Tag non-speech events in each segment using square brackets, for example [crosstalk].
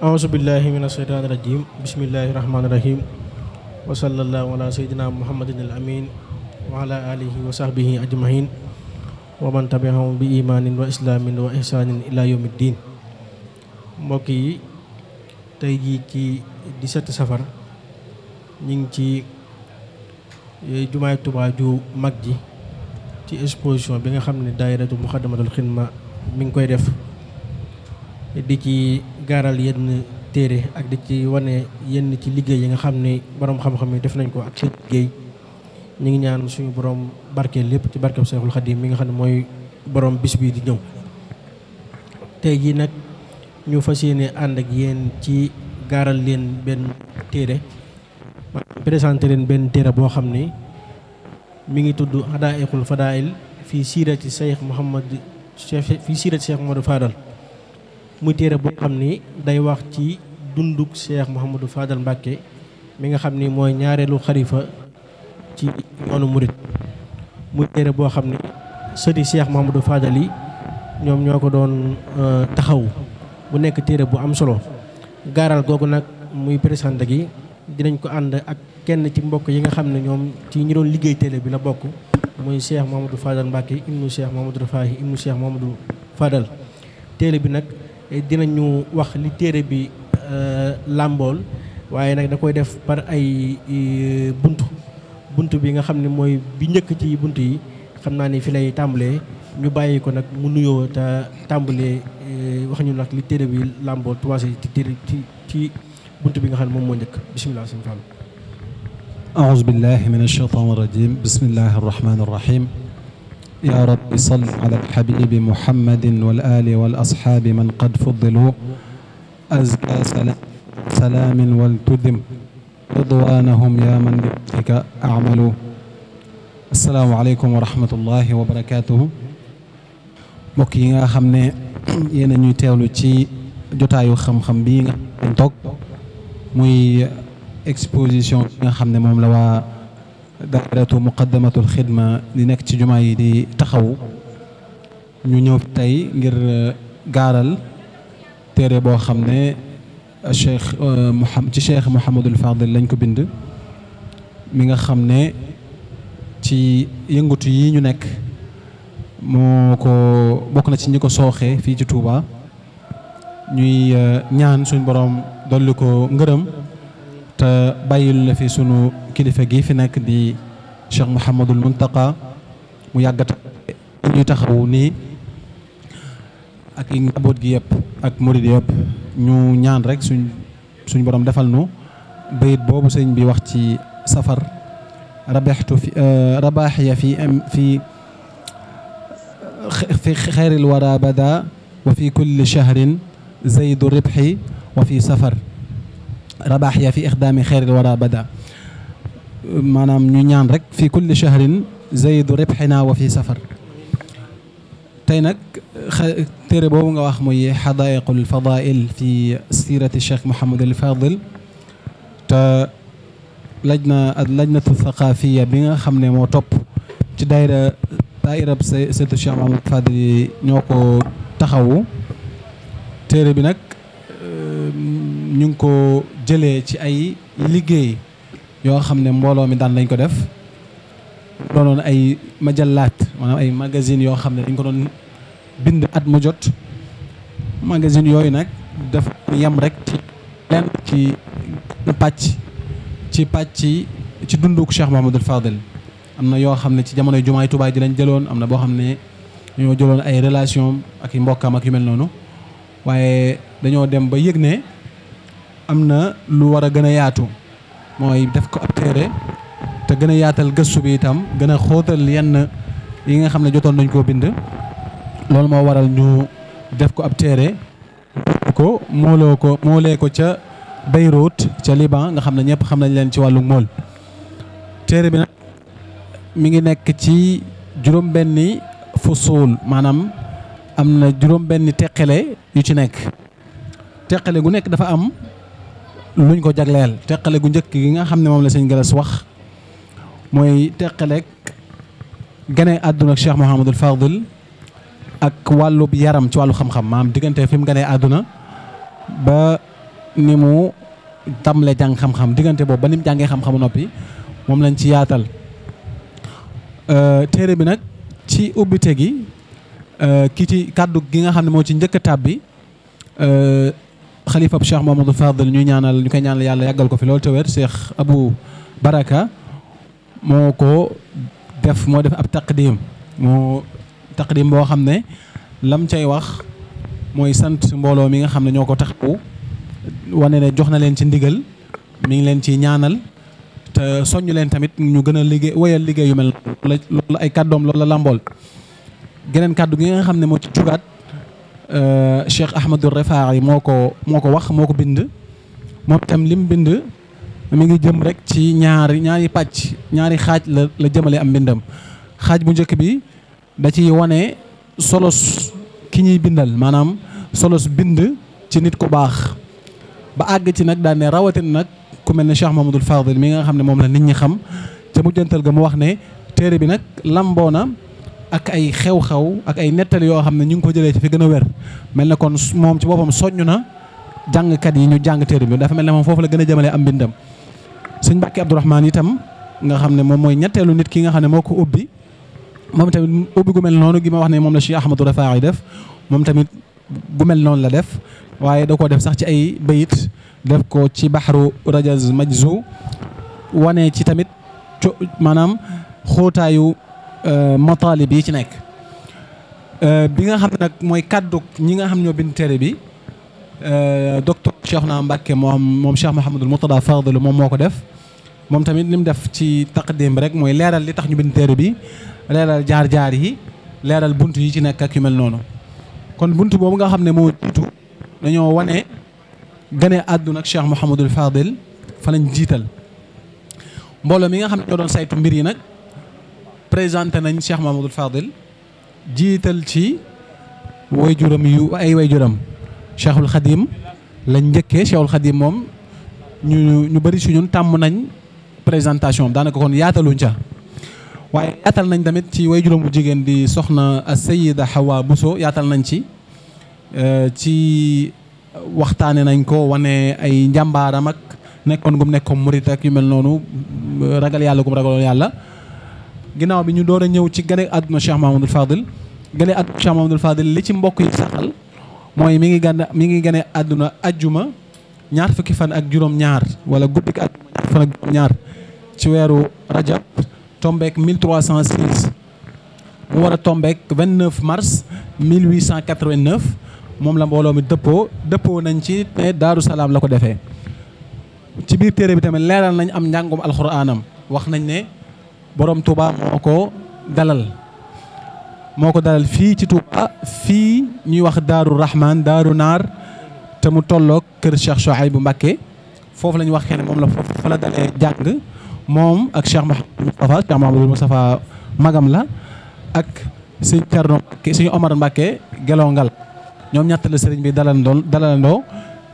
aousubillahi min asheytaan irajim bismillahi irahmaaniirahim wasalallaahu ala seydina muhammadin al amin wa ala alihi wa sahbihi ajmahin wa man bi imaanin wa islaamin wa ihsaanin ila yawmi ddin mbokk yi tey jii ci 17 safar ñu ngi ci eh, jumaay Tuubaa mag ji ci exposition bi nga xam ne daayiratu muxaddamatul xidma mi ngi koy def di ci gaaral yenn téere ak di ci wane yenn ci liggéey yi nga xam ni boroom xam-xam yi def nañ ko ak seen liggéey ñu ngi ñaan suñu boroom barkeel lépp ci barkeb Seexul Xadiim mi nga xam ne mooy borom bis bii di ñëw. tey jii nag ñu fas yéene ànd ak yéen ci gaaral leen benn téere maanaam présenté leen benn téere boo xam ni mi ngi tudd Hadaa'iqul Fadaa'il fii siirati Cheikh Mouhamad fii siirati Cheikh Mouhamadou Fadal. muy téere boo xam ni day wax ci dunduk Cheikh Mouhamadou Fadal Mbacke mi nga xam ni mooy ñaareelu xalifa ci yoonu murit muy téere boo xam ni sëti Cheikh Mouhamadou Fadal yi ñoom ñoo ko doon euh, taxaw bu nekk téere bu am solo gaaral googu nag muy présenté gi dinañ ko ànd ak kenn ci mbokk yi nga xam ne ñoom ci ñu doon liggéey télé bi la bokk muy Cheikh Mouhamadou Fadal Mbacke ibnu Cheikh Mouhamadou Rafahi ibnu Cheikh Mouhamadou Fadal téere bi nag Eh, ñu wax li téere bi euh, làmbool waaye nag da koy def par ay bunt bunt bi nga xam ni mooy bi njëkk ci bunt yi xam naa ni fi lay tàmbalee ñu bàyyi ko nag mu nuyoo te tàmbalee eh, wax ñu nag li téere bi làmbool commencé ci téere ci ci bunt bi nga xam ne moom moo njëkk bisimilah sëñ Fall aouzu billahi min alshaytan irrajim bismillahi arrahmani irrahim يا رب صل على الحبيب محمد والآل والأصحاب من قد فضلوا أزكى سلام, سلام والتدم رضوانهم يا من بك أعملوا السلام عليكم ورحمة الله وبركاته mbokk yi nga xam ne yéen a ñuy teewlu ci jotaayu xam-xam bii nga toog muy exposition nga xam ne moom la waa daayiratu muqaddamatul xidma di nekk ci jumaa yi di taxawu ñu ñëw tey ngir euh, gaaral téere boo xam ne euh, cheikh euh, muhammad ci cheikh muhammadul fadil lañ ko bind mi nga xam ne ci yëngutu yi ñu nekk moo ko bokk na ci ñi ko sooxee fii ci Touba ñuy ñaan suñ borom dolli ko ngërëm bàyyil la fi sunu kilifa gi fi nekk di Cheikh Mouhamadul Muntaqa mu yàggata ñuy taxawu nii ak i njaboot gi yëpp ak murid yëpp ñu ñaan rek suñ suñ borom defal nu bayit boobu sëñ bi wax ci safar rabaxtu fi euh, fi am fi fi xeyril wara bada wa fi kulli shahrin zaydu ribxi wa fi safar rabaax ya fi ixdaami xeyril wara bada maanaam ñu ñaan rek fi kulli shahrin zaydu ribxina wa fi safar tey nag téere boobu nga wax muy xadaayiqul fadail fi siirati cheikh Mouhamadul Fadil te lajna ak lajnatu thaqaafiya bi nga xam ne moo topp ci daayira daayirab saytu cheikh Mouhamadul Fadil ñoo ko taxawu téere bi nag. ñu ngi ko jëlee ci ay liggéey yoo xam ne mbooloo mi daan lañ ko def doonoon ay majalaat maanaam ay magazine yoo xam ne dañ ko doon bind at mu jot magazine yooyu nag dafa yam rek ci lenn ci pàcc ci pàcc ci dunduk Cheikh Mouhamadul Fadel am na yoo xam ne ci jamonoy jumaay Tuubaa ji lañ jëloon am na boo xam ne ñoo jëloon ay relation ak i mbokkam ak yu mel noonu waaye dañoo dem ba yëg ne am na lu war a gën a yaatu mooy def ko ab téere te gën a yaatal gëstu bi itam gën a xootal yenn yi nga xam ne jotoon nañ koo bind loolu moo waral ñu def ko ab téere ko mooloo ko moolee ko ca Beyrouth ca Liban nga xam ne ñëpp xam nañ leen ci wàllu mool téere bi nag mi ngi nekk ci juróom benni fusuul maanaam am na juróom benni teqale yu ci nekk teqale gu nekk dafa am luñ ko jagleel teqale gu njëkk gi nga xam ne moom la sëñ Galas wax mooy teqaleeg gane àdduna ak Cheikh Mouhamadul ak wàllub yaram ci wàllu xam-xam maanaam diggante fim mu gane àdduna ba ni mu tàmbalee jàng xam-xam diggante boobu ba ni mu jàngee xam-xam noppi moom lañ ci yaatal euh, téere bi nag ci ubbite gi euh, ki ci kàddu gi nga xam ne moo ci njëkk tab bi euh, xalifa bu Cheikh Mamadou Fadel ñu ñaanal ñu koy ñaanal yàlla yàggal ko fi loolu te wér Cheikh Abou Baraka moo ko def moo def ab taqdim moo taqdim boo xam ne lam cay wax mooy sant mbooloo mi nga xam ne ñoo ko taxawu wane ne jox na leen ci ndigal mi ngi leen ci ñaanal te soññu leen tamit ñu gën a liggéey wéyal liggéey yu mel loolu ay kàddoom loolu la làmbool geneen kàddu gi nga xam ne moo ci jugaat Euh, Cheikh Ahmadou Refaar yi moo ko moo ko wax moo ko bind moom itam lim bind mi ngi jëm rek ci ñaari ñaari pàcc ñaari xaaj la la jëmale am mbindam xaaj bu njëkk bi da ci wane solos ki ñuy bindal maanaam solos bind ci nit ku baax ba àgg ci nag daan rawatin rawatina nag ku mel ne Cheikh Mamadou Fadil mi nga xam ne moom la nit ñi xam ca mujjantal ga mu wax ne téere bi nag lamboo ak ay xew-xew ak ay nettali yoo xam ne ñu ngi ko jëlee ci fi gën a wér mel na kon moom ci boppam soññ na jàngkat yi ñu jàng téere bi dafa mel ne moom foofu la gën a jëmale am mbindam sëñ Mbàkke Abdourahmane tam nga xam ne moom mooy ñetteelu nit ki nga xam ne moo ko ubbi moom tamit ubbi gu mel noonu gi ma wax ne moom la Cheikh Ahmadou Rafaay yi def moom tamit gu mel noonu la def waaye da ko def sax ci ay bayit def ko ci baxru rajaz majzu wane ci tamit maanaam xóotaayu Euh, mataalib yi ci nekk euh, bi nga xam ne nag mooy kàddu ñi nga xam ñoo bind téere bi euh, docteur Cheikhna Mbacke moo xam moom Cheikh Mouhamadul Mourtada Fadl moom moo ko def moom tamit li mu def ci taqdim rek mooy leeral li tax ñu bind téere bi leeral jaar-jaar yi leeral bunt yi ci nekk ak yu mel noonu kon bunt boobu nga xam ne moo jiitu dañoo wane gane àdduna ak Cheikh Mouhamadul Fadil fa lañ jiital mbooloo mi nga xam ne ñoo doon saytu mbir yi nag présenté nañ Cheikh Mamadou Fadil jiital ci wayjuram yu ay way juram Cheikhul Khadim lañ njëkkee Cheikhul Khadim moom ñu ñu bëri si ñun tàmm nañ présentation daanaka kon yaataluñ ca waaye yaatal nañ tamit ci juram wu jigéen di soxna seyida xawaa Bousso yaatal nañ ci euh, ci waxtaane nañ ko wane ay njàmbaaram ak nekkoon gum nekkoon murit ak yu mel noonu ragal yàlla gum ragaloon yàlla ginnaaw bi ñu door a ñëw ci gane àdduna Cheikh Mahamadoul Fadil gane àdduna Cheikh Mahamadoul Fadil li ci mbokk yi saxal mooy mi ngi gane mi ngi gane àdduna ajjuma ñaar fukki fan ak juróom-ñaar wala guddik àjjuma fan ak ñaar ci weeru rajab tombeek 1306 mu war a tombeek 29 mars 1889 moom la mbooloo mi dëppoo dëppoo nañ ci te Daaru Salaam la ko defee ci biir téere bi tamit leeral nañ am njàngum alxuraanam wax nañ ne boroom Touba moo ko dalal moo ko dalal fii ci Touba fii ñuy wax Daaru Rahman Daaru Naar te mu tollook kër Cheikh bu Mbacké foofu la wax waxee ne moom la foofu la dalee jàng moom ak Cheikh Mouhamadou Moustapha Cheikh Mouhamadou Moustapha magam la ak sëñ Thierno Mbacké sëñ Omar Mbacké gelongal ñoom ñett la sëriñ bi dalalandoo dalalandoo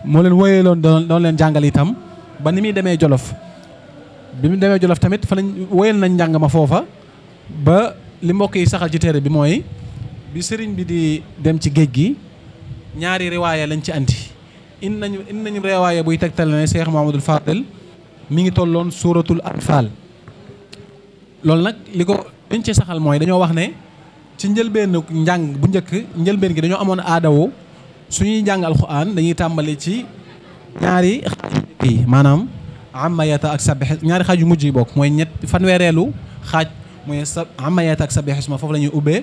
moo leen wóyeeloon doon leen jàngal itam ba ni muy demee Jolof bi mu demee Jolof tamit fa lañ woyal nañ njàng ma foofa ba li mbokk yi saxal ci téere bi mooy bi sëriñ bi di dem ci géej gi ñaari riwaaya lañ ci andi indi nañu in nañu riwaaya buy tegtal ne Cheikh Mahamadul Fadel mi ngi tolloon suuratul anfaal loolu nag li ko liñ ci saxal mooy dañoo wax ne ci njëlbeenu njàng bu njëkk njëlbeen gi dañoo amoon aadawu suñuy njàng alxuraan dañuy tàmbali ci ñaari xaaj yi maanaam am amayata ak sa sabix ñaari xaaj yu mujj yi bokk mooy ñett fanweereelu xaaj mooy sa amayata ak sabix isma foofu la ñuy ubbee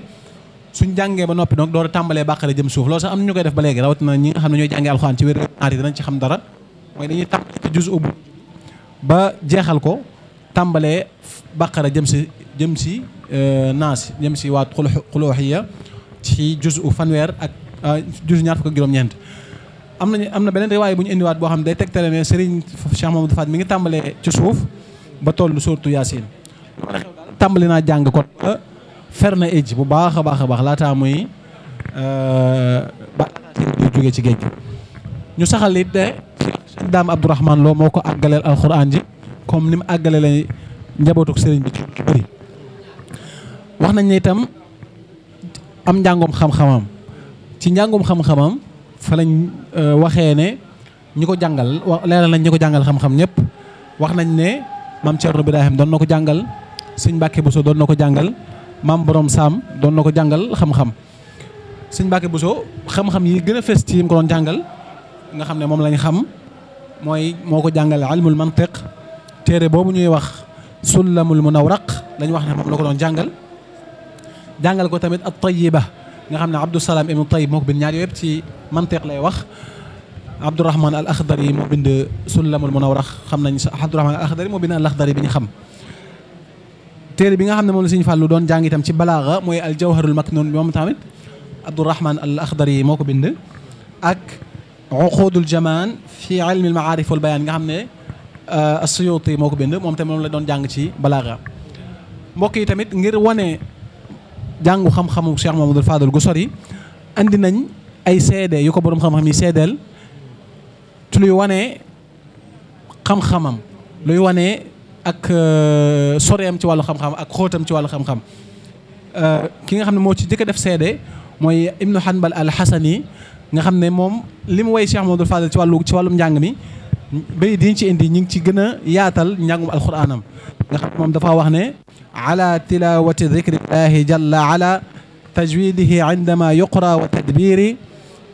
suñ jàngee ba noppi donc door tàmbalee bàqale jëm suuf loolu sax am na ñu koy def ba léegi rawatina ñi nga xam ne ñooy jàngee alxuraan ci wér ñaari danañ ci xam dara mooy dañuy tàmbalee ci juz ba jeexal ko tàmbalee bàqara jëm si jëm si euh, naas jëm si waat xulooxiya ci juz u fanweer ak euh, juz ñaar fukk ak juróom-ñeent am nañu am na beneen riwaay bu ñu indiwaat boo xam ne day tegtale ne Serigne Cheikh Mamadou Fat mi ngi tàmbalee ci suuf ba toll surtout Yacine. tàmbali naa jàng kon ba fer na ejj bu baax a baax a baax laataa muy euh, ba jóge ci géej gi ñu saxal it de daam Abdourahman moo ko àggaleel alxuraan ji comme ni mu àggaleele njabootuk Serigne bi ci wax nañ ne itam am njàngum xam-xamam ci njàngum xam-xamam. fa lañ euh, waxee ne ñi ko jàngal leeral nañ ñi ko jàngal xam-xam ñëpp wax nañ ne maam Thierno Birahim doon na ko jàngal sëñ Mbacke Bousso doon na ko jàngal maam Borom Saam doon na ko jàngal xam-xam sëñ Mbacke Bousso xam yi gën a fees ci yi mu ko doon jàngal nga xam ne moom lañ xam mooy moo ko jàngal ilmul mantiq téere boobu ñuy wax sullamul munawraq dañ wax ne moom la ko doon jàngal jàngal ko tamit at-tayyiba nga xam ne Abdusalaam ibnu Tayib moo ko bind ñaar yooyu yëpp ci mantiq lay wax Abdourahman al Akhdari moo bind Sullamul Munawwar xam nañ sa Abdourahman al Akhdari moo bind al Akhdari bi ñu xam. téere bi nga xam ne moom la Sëriñ Fàllu doon jàng itam ci balaaga mooy al Jawharul Maknuun moom tamit Abdourahman al Akhdari moo ko bind ak Uqudul Jamaan fi ilmi al maarif wal bayaan nga xam ne euh, Asuyuti moo ko bind moom tamit moom la doon jàng ci balaaga mbokk yi tamit ngir wane. jàngu xam-xamu Cheikh Mamadou Fadal gu sori andi nañ ay seede yu ko borom xam-xam yi seedeel ci luy wane xam-xamam luy wane ak euh, soreem ci wàllu xam-xam ak xootam ci wàllu xam-xam euh, ki nga xam ne moo ci jëkk def seede mooy Ibnu Hanbal al-Hasani nga xam ne moom li mu woy Cheikh Mamadou Fadal ci wàllu ci wàllum njàng mi. bay diñ ci indi ñu ngi ci gën a yaatal njàngum alquraanam nga xam moom dafa wax ne ala tilawati dicrillahi jalla ala tajwidihi indama yuqra wa tadbiri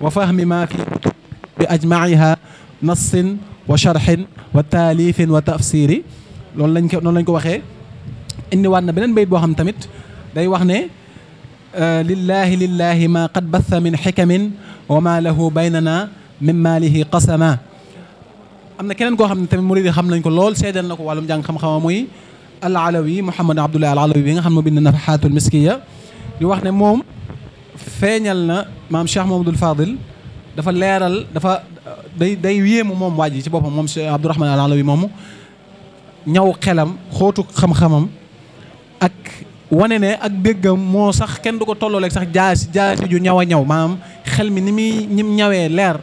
wa fahmi ma fi bi ajmaiha nassin wa sharxin wa taalifin wa tafsiri loolu lañ ko noonu lañ ko waxee indiwaat na beneen bayit boo xam tamit day wax ne lillahi lillahi ma qad batha min xikamin wa ma lahu baynana min maalihi qasama am na keneen koo xam ne tamit murid yi xam nañ ko lool seedeel na ko wàllum jàng xam-xamam muy al alawi Mouhamadou Abdoulaye al alawi bi nga xam ne bind na nafaxaatul miskiya di wax ne moom feeñal na maam Cheikh Mamadou Fadil dafa leeral dafa day day yéemu moom waa ji boppam moom Cheikh Abdourahman al alawi moomu ñaw xelam xóotu xam ak wane ne ak déggam moo sax kenn du ko tollooleeg sax jaas jaasi ju ñaw a ñaw maam xel mi ni muy ñim ñawee leer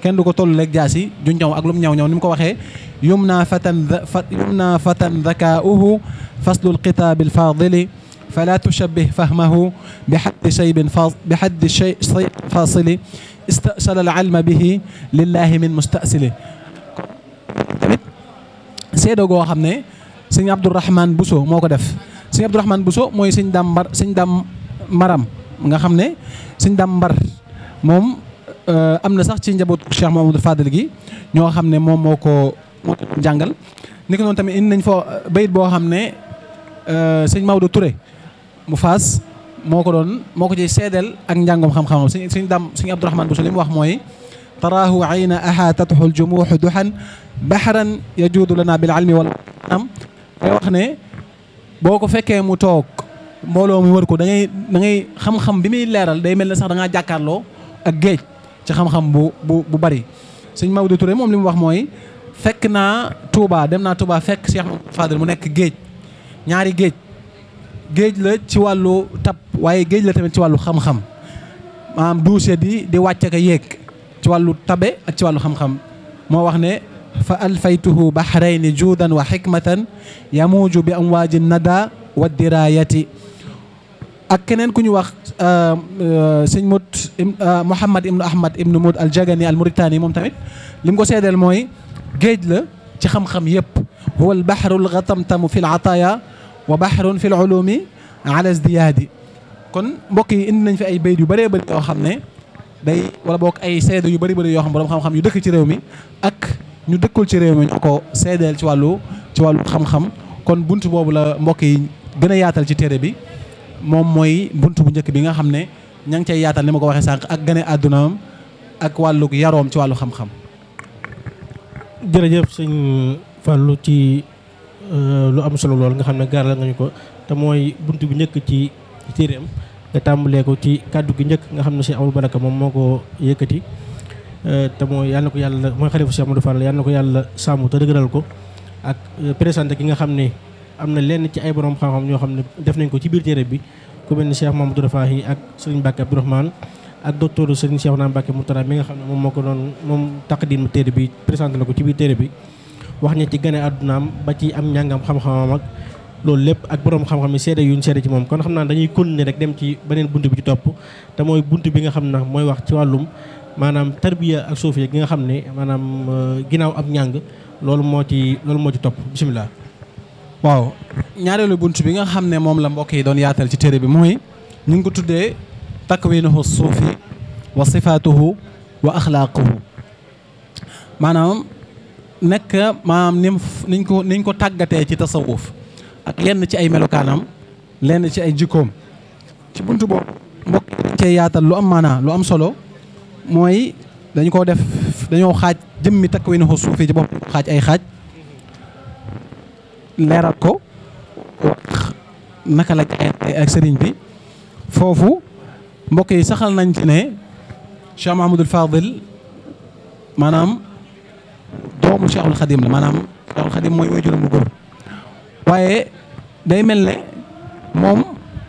kenn du ko toll leeg jaas yi ju ñaw ak lum ñaw ñaw ni mu ko waxee yum naa fatan yum naa fatan dakauhu faslul xitaabil faadili fala tushabbih fahmahu bi xaddi shaybin fa bi xaddi shay fasili istasala al alma bihi lillahi min mustasili tamit seedo goo xam ne sëñ Abdourahman Bousso moo ko def sëñ Abdourahman Bousso mooy sëñ dam mbar sëñ dam maram nga xam ne sëñ dam mbar moom Euh, am na sax ci njaboot Cheikh Mamadou Fadel gi ñoo xam ne moom moo ko jàngal ni ko tamit indi nañ foo euh, bayit boo xam ne euh, sëñ Maodo ture mu faas moo ko doon moo ko ciy seedeel ak njàngoom xam-xamam sëñ sëñ dam sëñ Abdourahmane Bousso li mu wax mooy taraahu ayna aha tatxu ljumuuxu duxan baxran yajuudu lana bil almi wal am wax ne boo ko fekkee mu toog mbooloo mu wër ko da da ngay xam-xam bi may leeral day mel ne sax da ngaa ak géej ci xam-xam bu bu bu bari suñ Maodo Touré moom li mu wax mooy fekk naa Touba dem naa Touba fekk Cheikh Fadel mu nekk géej ñaari géej géej la ci wàllu tab waaye géej la tamit ci wàllu xam-xam maanaam duuse di di wàcc ak yéeg ci wàllu tabe ak ci wàllu xam-xam moo wax ne fa alfaytuhu bahrayni juudan wa xikmatan yamuuju bi amwaaji nada wa dirayati ak keneen ku ñu wax euh, euh, sëñ Mout euh, Mouhamad ibnu Ahmad ibnu Mout al Jagani al Mauritani moom tamit li mu ko seedeel mooy géej la ci xam-xam yëpp huwa al bahru al ghatamtamu fi l ataaya wa bahrun fi l ulumi ala zdiyaadi kon mbokk yi indi nañ fi ay bayt yu bëree bëri xam ne day wala boog ay seede yu bari bëri yoo xam borom xam-xam yu dëkk ci réew mi ak ñu dëkkul ci réew mi ñoo ko seedeel ci wàllu ci wàllu xam-xam kon bunt boobu la mbokk yi gën a yaatal ci téere bi moom mooy bunt bu njëkk bi nga xam ne ña ngi cay yaatal ni ma ko waxee sànq ak gane àddunaam ak wàllug yaroom ci wàllu xam-xam. jërëjëf sëñ Fallou ci euh, lu am solo lool nga xam ne gaaral nga ñu ko te mooy bunt bu njëkk ci téeréem nga tàmbalee ko ci kàddu gi njëkk nga xam ne sëñ Amadou Baraka moom moo ko yëkkati. Euh, te mooy yal ko yàlla mooy xalifa sëñ Amadou Fall yal na ko yàlla sàmm te dëgëral ko ak euh, présenté gi nga xam ne. am na lenn ci ay borom xam-xam ñoo xam ne def nañ ko ci biir téere bi ku mel ni ak Mamadou Rafahi ak Serigne Mbacke Abdourahmane ak docteur Serigne Cheikh naa Mbacke mi nga xam ne moom moo ko doon moom taqdim téere bi présenté na ko biir téere bi wax ña ci gane àddunaam ba ci am njàngam xam-xamam ak loolu lépp ak borom xam yi seede yuñ seede ci moom kon xam naa dañuy continuer rek dem ci beneen bunt bi ci topp te mooy bunt bi nga xam ne mooy wax ci wàllum maanaam tarbiya ak suufiya gi nga xam ne maanaam euh, ginnaaw am njàng loolu moo ci loolu moo ci topp bisimilah waaw ñaareelu bunt bi nga xam ne moom la mbokk yi doon yaatal ci téere bi mooy ñu ngi ko tuddee takk takwiinuhu suufi wa sifaatuhu wa axlaaquhu maanaam nekk maanaam ni niñ ko niñ ko tàggatee ci tasawuf ak lenn ci ay melokaanam lenn ci ay jikkoom ci bunt boobu mbokk cee yaatal lu am maanaa lu am solo mooy dañ koo def dañoo xaaj jëmmi takwiinuhu suufi ci bopp xaaj ay xaaj leeral ko wax naka la jaayante ak sëriñ bi foofu mbokk yi saxal nañ ci ne Cheikh Mahamadul Fadil maanaam doomu Cheikhul Xadim la maanaam Cheikhul mooy waajuram bu góor waaye day mel ne moom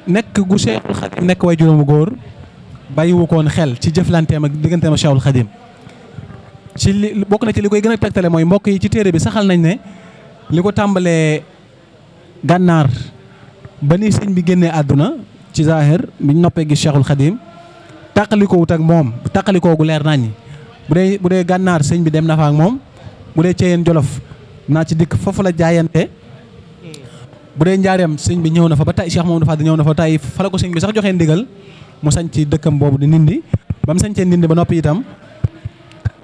nekk gu Cheikhul Xadim nekk waajuram bu góor bàyyiwu koon xel ci jëflanteem ak digganteem ak Cheikhul Xadim ci li bokk na ci li koy gën a tegtale mooy mbokk yi ci téere bi saxal nañ ne li ko tàmbalee gànnaar ba ni sëñ bi génnee àdduna ci zahir biñ noppee gis Cheikhul Khadim tàqalikowut ak moom tàqalikoo gu leer naññi bu dee bu dee gànnaar sëñ bi dem na fa ak moom bu dee Ceyeen Jolof naa ci dikk foofu la jaayante bu dee njaareem sëñ bi ñëw na fa ba tay Cheikh Mamadou Fadil ñëw na fa tay fa la ko sëñ bi sax joxee ndigal mu sañ ci dëkkam boobu di nindi ba mu sañcee nindi ba noppi itam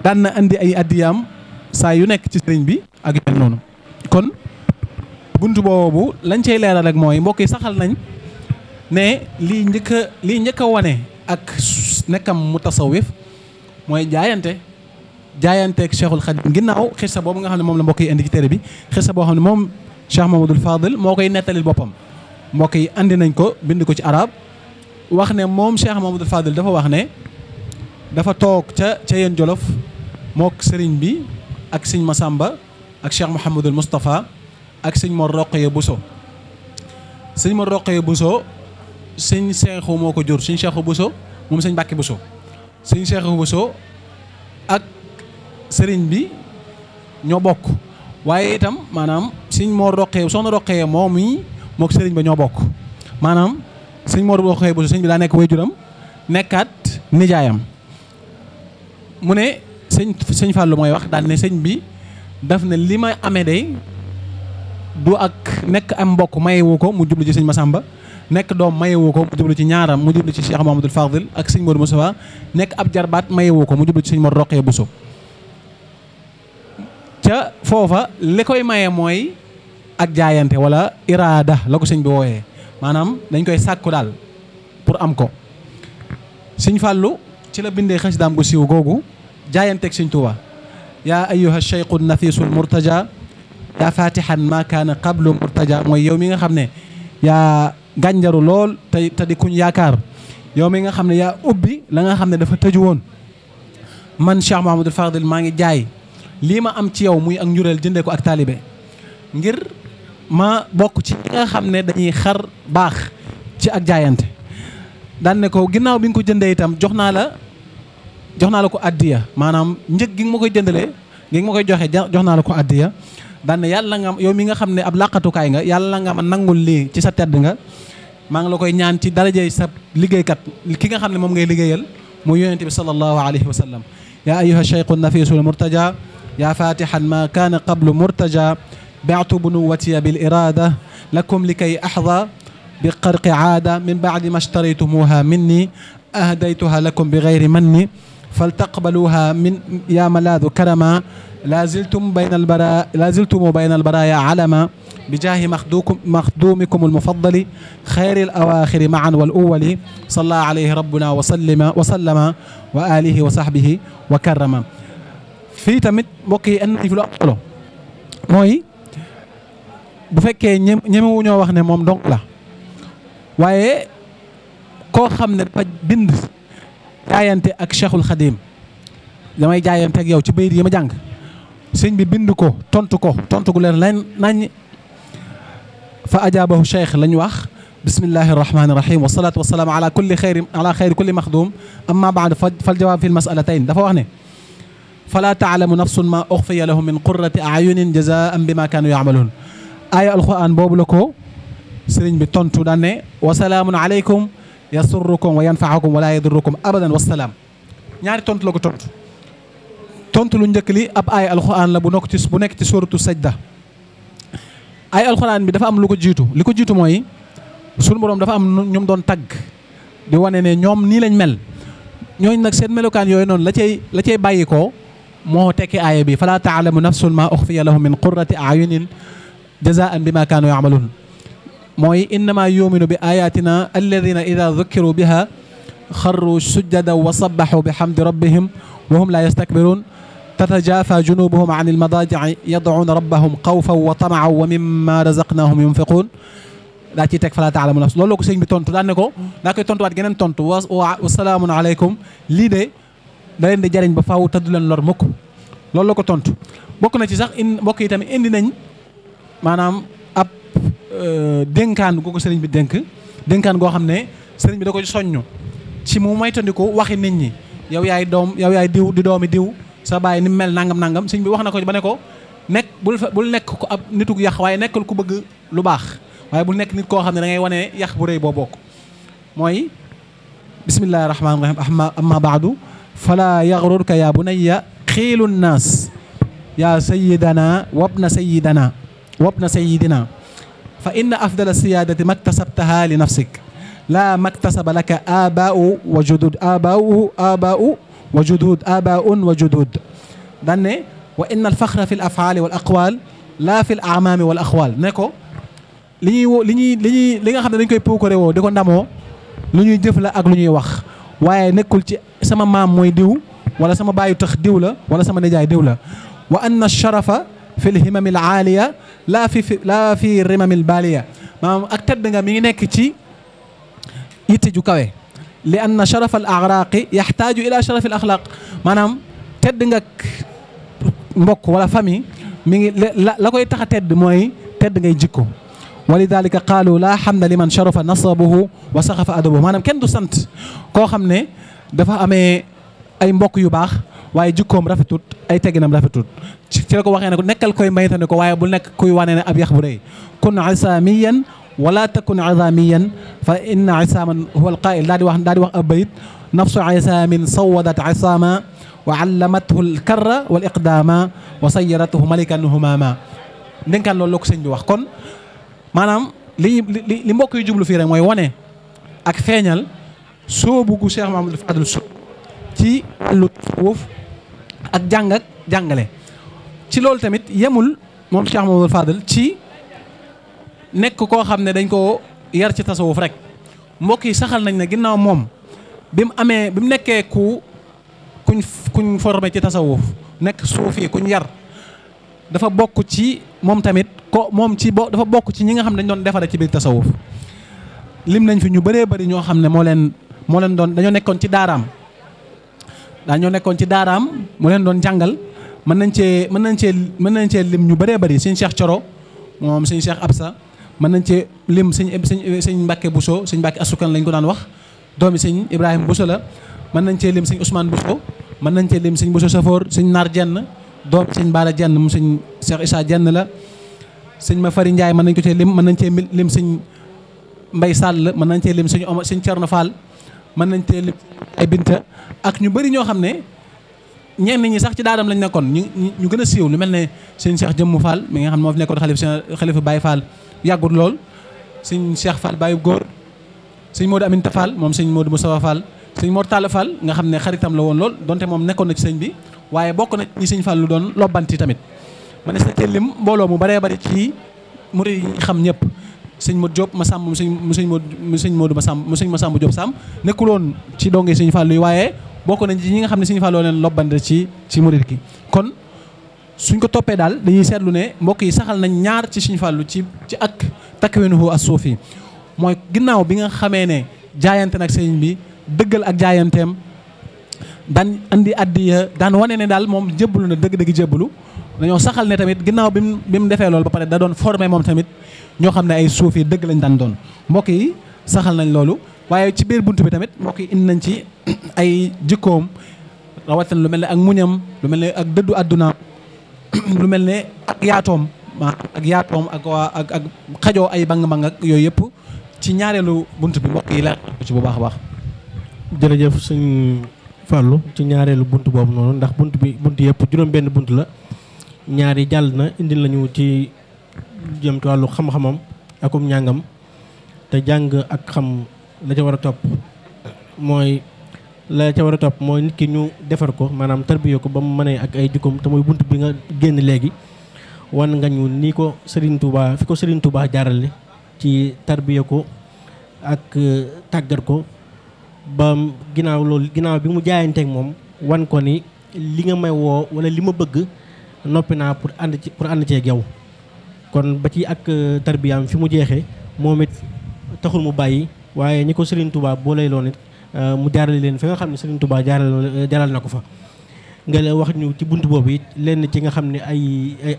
daan na indi ay addiyaam saa yu nekk ci sëriñ bi ak yu mel noonu kon buntu boobu lañ cay leeral rek mooy mbokk yi saxal nañ ne lii njëkk a lii njëkk a wane ak nekkam mu tasawif mooy jaayante jaayanteeg Cheikhul Khadim ginnaaw xisa boobu nga xam ne moom la mbokk yi indi ci téere bi xisa boo xam ne moom Cheikh Mamadul Fadil moo koy nettalil boppam mbokk yi andi nañ ko bind ko ci arab wax ne moom Cheikh Mamadul Fadil dafa wax ne dafa toog ca ca yéen jolof mook sëriñ bi ak sëñ Masamba ak Cheikh Mouhamadul Moustapha ak sëñ Mor Roqeye Bousso sëñ Mor Roqeye Bousso sëñ Seexu moo ko jur sëñ Seexu Bousso moom sëñ Mbàkke Bousso sëñ Seexu Bousso ak sëriñ bi ñoo bokk waaye itam maanaam sëñ Mor Roqeye soxna Roqeye moom mii mook sëriñ ba ñoo bokk maanaam sëñ Mor Roqeye Bousso sëñ bi daa nekk waajuram nekkaat nijaayam mu ne sëñ sëñ Fallou mooy wax daal ne sëñ bi def na li ma amee day du ak nekk am mbokk mayewu ko mu jublu ci sëñ Masamba nekk doom mayewu ko mu jublu ci ñaaram mu jublu ci Cheikh Mahamadul Fadil ak sëñ Modou Moustapha nekk ab jarbaat mayewu ko mu jublu ci sëñ Modou Roqee Bousso ca foofa li koy maye mooy ak jaayante wala iraada la ko sëñ bi wooyee maanaam dañ koy sàkku daal pour am ko sëñ Fàllu ci la bindee xasidaam gu siiw googu jaayanteeg sëñ Tuubaa yaa ayyuha cheikhu nafisu murtaja yaa fatihan ma kaana qablu murtaja mooy yow mi nga xam ne yaa gànjaru lool te te di kuñ yaakaar yow mi nga xam ne yaa ubbi la nga xam ne dafa tëju woon man Cheikh Mouhamadul Fadil maa ngi jaay lii ma am ci yow muy ak njureel jëndee ko ak taalibe ngir ma bokk ci ñi nga xam ne dañuy xar baax ci ak jaayante daan ne ko ginnaaw bi nga ko jëndee itam jox naa la jox naa la ko addiya maanaam njëg gi nga ma koy jëndalee gi nga ma koy joxee jox naa la ko addiya daan ne yàlla nga yow mi nga xam ne ab làqatukaay nga yàlla nga ma nangul lii ci sa tedd nga maa ngi la koy ñaan ci darajey sa liggéeykat ki nga xam ne moom ngay liggéeyal muy yonente bi sallallahu alayhi wa sallam yaa ayyuha cheikhu nafisul murtaja yaa fatihan ma kaana qablu murtaja baatu bunuwatiya bil irada lakum li kay axda bi qarqi aada min baadi ma ashtaraytumuha minni ahdaytuha lakum bi gayri manni فلتقبلوها من يا ملاذ كرما لا زلتم بين البراء لا زلتم بين البرايا علما بجاه مخدوكم مخدومكم المفضل خير الأواخر معا والأول صلى عليه ربنا وسلم وسلم وآله وصحبه وكرم fii tamit mbokk yi indi fi lu am solo mooy bu fekkee ñemewu ñoo wax ne moom donc la waaye koo xam ne dafa bind jaayante ak Cheikhul Khadim damay jaayante ak yow ci bayit yi ma jàng sëñ bi bind ko tontu ko tontu gu leen lan nañ fa ajaabahu cheikh lañ wax bismillahi rahmani rahim wasalaatu wasalaamu ala kulli xayri ala xayri kulli maxdum amma baad fal jawaab fi lmasalatayn dafa wax ne falaa taalamu nafsun ma uxfiya lahum min qurati ayunin jazaan bi ma kaanu yaamaluun aaya alquran boobu la ko sëriñ bi tontu daan ne wasalaamun aleykum yasurrukum wa yanfaakum wala yadurrukum abadan wasalaam ñaari tontu la ko tontu tontu lu njëkk li ab ay alxuraan la bu nokk ci nekk ci sóoratu sajda ay alxuraan bi dafa am lu ko jiitu li ko jiitu mooy sunu borom dafa am ñum doon tagg di wane ne ñoom nii lañ mel ñooñ nag seen melokaan yooyu noonu la cay la cay bàyyi ko moo tekki aaya bi falaa taalamu nafsun maa uxfiya lahum min qurrati ayunin jazaan bi ma kaanu yaamaluun mooy innama yuminu bi ayatina alladina ida dukiru biha xarru sujjada wa sabaxu bi xamdi rabbihim wa hum la yastakbiruun tatajafa junubuhum an almadaajici yadcuuna rabbahum xawfan wa tamacan wa mimma razaqnahum yunfiquun daa ciy teg falaa taalamu nafs loolu la ko sëñ bi tontu daan ne ko daa koy tontuwaat geneen tontu wa salaamun aleykum lii de da leen di jariñ ba faaw tëdd leen lor mukk loolu la ko tontu bokk na ci sax in mbokk yi tamit indi nañ maanaam Euh, dénkaan googu sëriñ bi dénk dénkaan goo xam ne sëriñ bi da ko soññu ci mu moytandiku waxi nit ñi yow yaay doom yow yaay diw di doomi diw sa bàyyi ni mu mel nangam nangam sëriñ bi wax na ko ba ne ko nekk bul nekk ko ab nitu yàq waaye nekkal ku bëgg lu baax waaye bul nekk nit koo xam ne dangay ngay wane yàq bu rëy boo bokk mooy bismillahi rahmaani rahim amma baadu fala yaxrurka yaa bunayya xiilu naas yaa sayidana wabna sayidana wabna sayidina fa inna afdala siyaadati maktasabtaha li nafsik laa maktasaba laka abaau wa judud abaau abaau wa judud abaun wa judud daan ne wa fi l afaali wal aqwaal laa fi l amaami wal axwaal li ñuy woo li ñuy li li nga xam ne dañ koy puukare woo di ndamoo lu ñuy jëf ak lu ñuy wax waaye nekkul ci sama maam mooy diw wala sama baayu tax diw la wala sama nijaay diw la wa anna sharafa fi la alaaliya laa fi laa fi rimami albaaliya maanaam ak tedd nga mi ngi nekk ci yitte ju kawe li anna sharaf al axraaqi yaxtaaju ila sharaf al axlaaq maanaam tedd nga mbokk wala fami mi ngi la koy tax a tedd mooy tedd ngay jikko wa lidalika qaalu laa xamda liman sharafa nasabuhu wa saxafa adabuhu maanaam kenn du sant koo xam ne dafa ame ay mbokk yu baax waaye jikkoom rafetut ay tegginam rafetut ci la ko waxee ne ko nekkal koy maytane ko waaye bul nekk kuy wane ne ab yax bu rëy kun isaamiyan wala takun azamiyan fa inna isaaman huwa alqail daa di wax daa di wax ab bayit nafsu isaamin sawadat isaama wa allamathu alkarra wal iqdaama wa sayarathu malikan humama ndénkaan loolu la ko sëñ bi wax kon maanaam li li li mbokk yu jublu fii rek mooy wane ak feeñal soobu gu Cheikh Mahamadou Fadil Sud ci lu ak jàng jàngale ci loolu tamit yemul moom Cheikh Fadal ci nekk koo xam ne dañ koo yar ci tasawuf rek mbokk yi saxal nañ ne ginnaaw moom bi mu amee bi mu nekkee ku kuñ kuñ formé ci tasawuf nekk suufi kuñ yar dafa bokk ci moom tamit ko moom ci bo dafa bokk ci ñi nga xam ne dañ doon defaree ci biir tasawuf lim nañ fi ñu baree bari ñoo xam ne moo leen moo leen doon dañoo nekkoon ci daaraam daa ñoo nekkoon ci daaraam mu leen doon jàngal mën nañ cee mën nañ cee mën nañ cee lim ñu bëree bëri sëñ Cheikh Coro moom sëñ Cheikh Absa mën nañ cee lim sëñ sëñ sëñ Mbacke Bousso sëñ Mbacke Asukan lañ ko daan wax doomi sëñ Ibrahima Bousso la mën nañ cee lim sëñ Ousmane Bousso mën nañ cee lim sëñ Bousso Safoor sëñ Naar Jenn doomi sëñ Baara Jenn mu sëñ Cheikh Issa Jenn la sëñ ma Fari njaay mën nañ ko cee lim mën nañ cee lim sëñ Mbay Sall mën nañ cee lim sëñ Omar sëñ Thierno Fall mën nañ teel ay binta ak ñu bari ñoo xam ne ñenn ñi sax ci daadam lañ nekkoon ñu ñu gën a siiw lu mel ne seen seex Jëmm Fall mi nga xam ne moo fi nekkoon xalif xalifa Baye Fall yàggul lool sëñ Cheikh Fall Baye góor sëñ Modou Aminta Fall moom sëñ Modou Moustapha Fall sëñ Mor Talla Fall nga xam ne xaritam la woon lool donte moom nekkoon na ci sëñ bi waaye bokk na ñi sëñ Fall lu doon lobbanti tamit ma ne sa lim mbooloo mu bare bari ci murid yi xam ñëpp sëñ Modou Diop ma sàmm mu sëñ mu sëñ Modou mu sëñ Modou ma sàmm mu sëñ ma sàmm Diop sàmm nekkuloon ci donge sëñ fàllu yi waaye bokk nañ ci ñi nga xam ne sëñ Fallou leen lobbande ci ci murid gi kon suñ ko toppee daal dañuy seetlu ne mbokk yi saxal nañ ñaar ci sëñ fàllu ci ci ak takwinuhu as-suufi mooy ginnaaw bi nga xamee ne jaayante nag sëñ bi dëggal ak jaayanteem daan andi addiya daan wane ne daal moom jébbalu na dëgg-dëgg jébbalu dañoo saxal ne tamit ginnaaw bi mu bi mu defee loolu ba pare da doon moom tamit ñoo xam ne ay suuf dëgg lañ daan doon mbokk yi saxal nañ loolu waaye ci biir bunt bi tamit mbokk yi indi nañ ci [clears throat] ay jikkoom rawatina lu mel ne ak muñam lu mel ne ak dëddu àdduna [clears throat] lu mel ne ak yaatoom ak yaatoom ak waa ak ak xajoo ay bang-bang ak yooyu yëpp ci ñaareelu bunt bi mbokk yi la bu baax a baax. jërëjëf sëñ Fallou ci ñaareelu bunt boobu noonu ndax bunt bi bunt yëpp juróom-benn bunt la ñaari jàll na indil lañu ci. jëm ci wàllu xam-xamam akum njàngam te jàng ak xam la ca war a topp mooy la ca war a topp mooy nit ki ñu defar ko maanaam tarbiyo ko ba mu mënee ak ay jukkum te mooy bunt bi nga génn léegi wan nga ñu nii ko Serigne Touba fi ko Serigne Touba jaarale ci tarbiyo ko ak euh, tàggat ko ba ginnaaw loolu ginnaaw bi mu jaayanteeg moom wan ko ni li nga may woo wala li ma bëgg noppi naa pour ànd ci pour ànd ceeg yow kon ba ci ak euh, tarbiyaam fi mu jeexee moom it taxul mu bàyyi waaye ñi ko Serigne tubaab boo lay loon it euh, mu jaarale leen fi nga xam ne Serigne Touba jaaral euh, jaaral na ko fa. nga wax ñu ci bunt boobu it lenn ci nga xam ne ay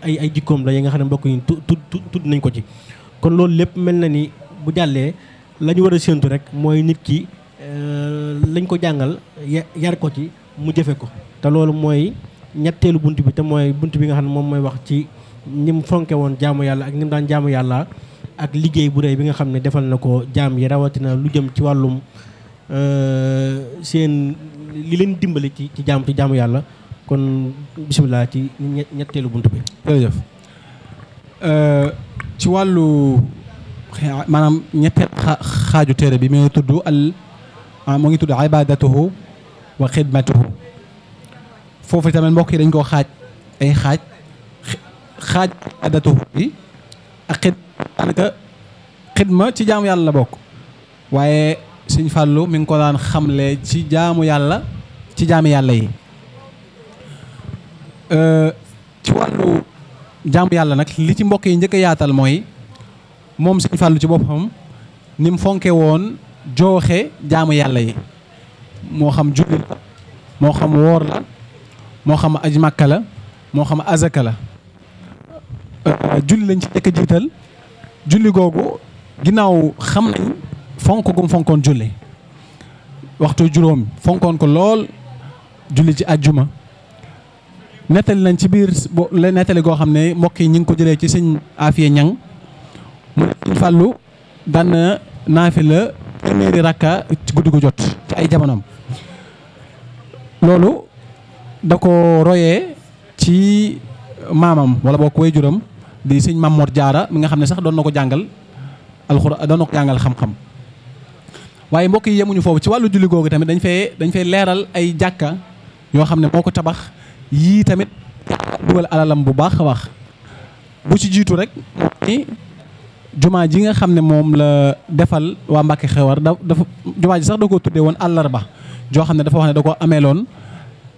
ay ay jikkoom la yi nga xam ne mbokk yi tu tu tudd nañ ko ci. kon loolu lépp mel na ni bu jàllee la ñu war a séentu rek mooy nit ki lañ ko jàngal yar ko ci mu jëfe ko te loolu mooy ñetteelu bunt bi te mooy bunt bi nga xam ne moom mooy wax ci. ni fonke woon jaamu yàlla ak ni mu daan jaamu yàlla ak liggéey bu rëy bi nga xam ne defal na ko jaam yi rawatina lu jëm ci wàllum euh, seen li leen dimbali ci ci jaamu ci jaamu yàlla kon bisimilah ci ñetteelu bunt bi. jërëjëf euh, ci wàllu maanaam ñetteel xaaju téere bi mu ngi tudd al ah, mu ngi tudd ibadatuhu wa xidmatuhu foofu dañ koo ay xaaj. xaaj adatu bi ak xid daanaka ci jaamu yàlla la bokk waaye sëñ Fallou mi ngi ko daan xamle ci jaamu yàlla ci jaami yàlla yi ci wàllu jaamu yàlla nag li ci mbokk yi njëkk yaatal mooy moom sëñ Fallou ci boppam ni fonke woon jooxe jaamu yàlla yi moo xam julli moo xam woor la moo xam aj màkka la moo xam azaka la Euh, julli lañ ci njëkk a jiital julli googu ginnaaw xam nañ fonk gum fonkoon julli waxtu juróom fonkoon ko lool julli ci àjjuma nettali lañ ci biir la nettali goo xam ne mbokk yi ñu ngi ko jëlee ci sëñ Afiye Ñang mu ne fàllu daan naafi la téeméeri rakka ci guddi gu jot ci ay jamonoom loolu da ko royee ci maamam wala boo ko waajuram di sëñ Mamor jaara mu nga xam ne sax doon na ko jàngal alxuraan doon na ko jàngal xam-xam waaye mbokk yi yemuñu foofu ci wàllu julli googu tamit dañ fee dañ fee leeral ay jàkka yoo xam ne moo ko tabax yii tamit dugal alalam bu baax a baax bu ci jiitu rek jumaa ji nga xam ne moom la defal waa Mbàkke Xewar da dafa jumaa ji sax da koo tuddee woon àllarba joo xam ne dafa wax ne da ko ameeloon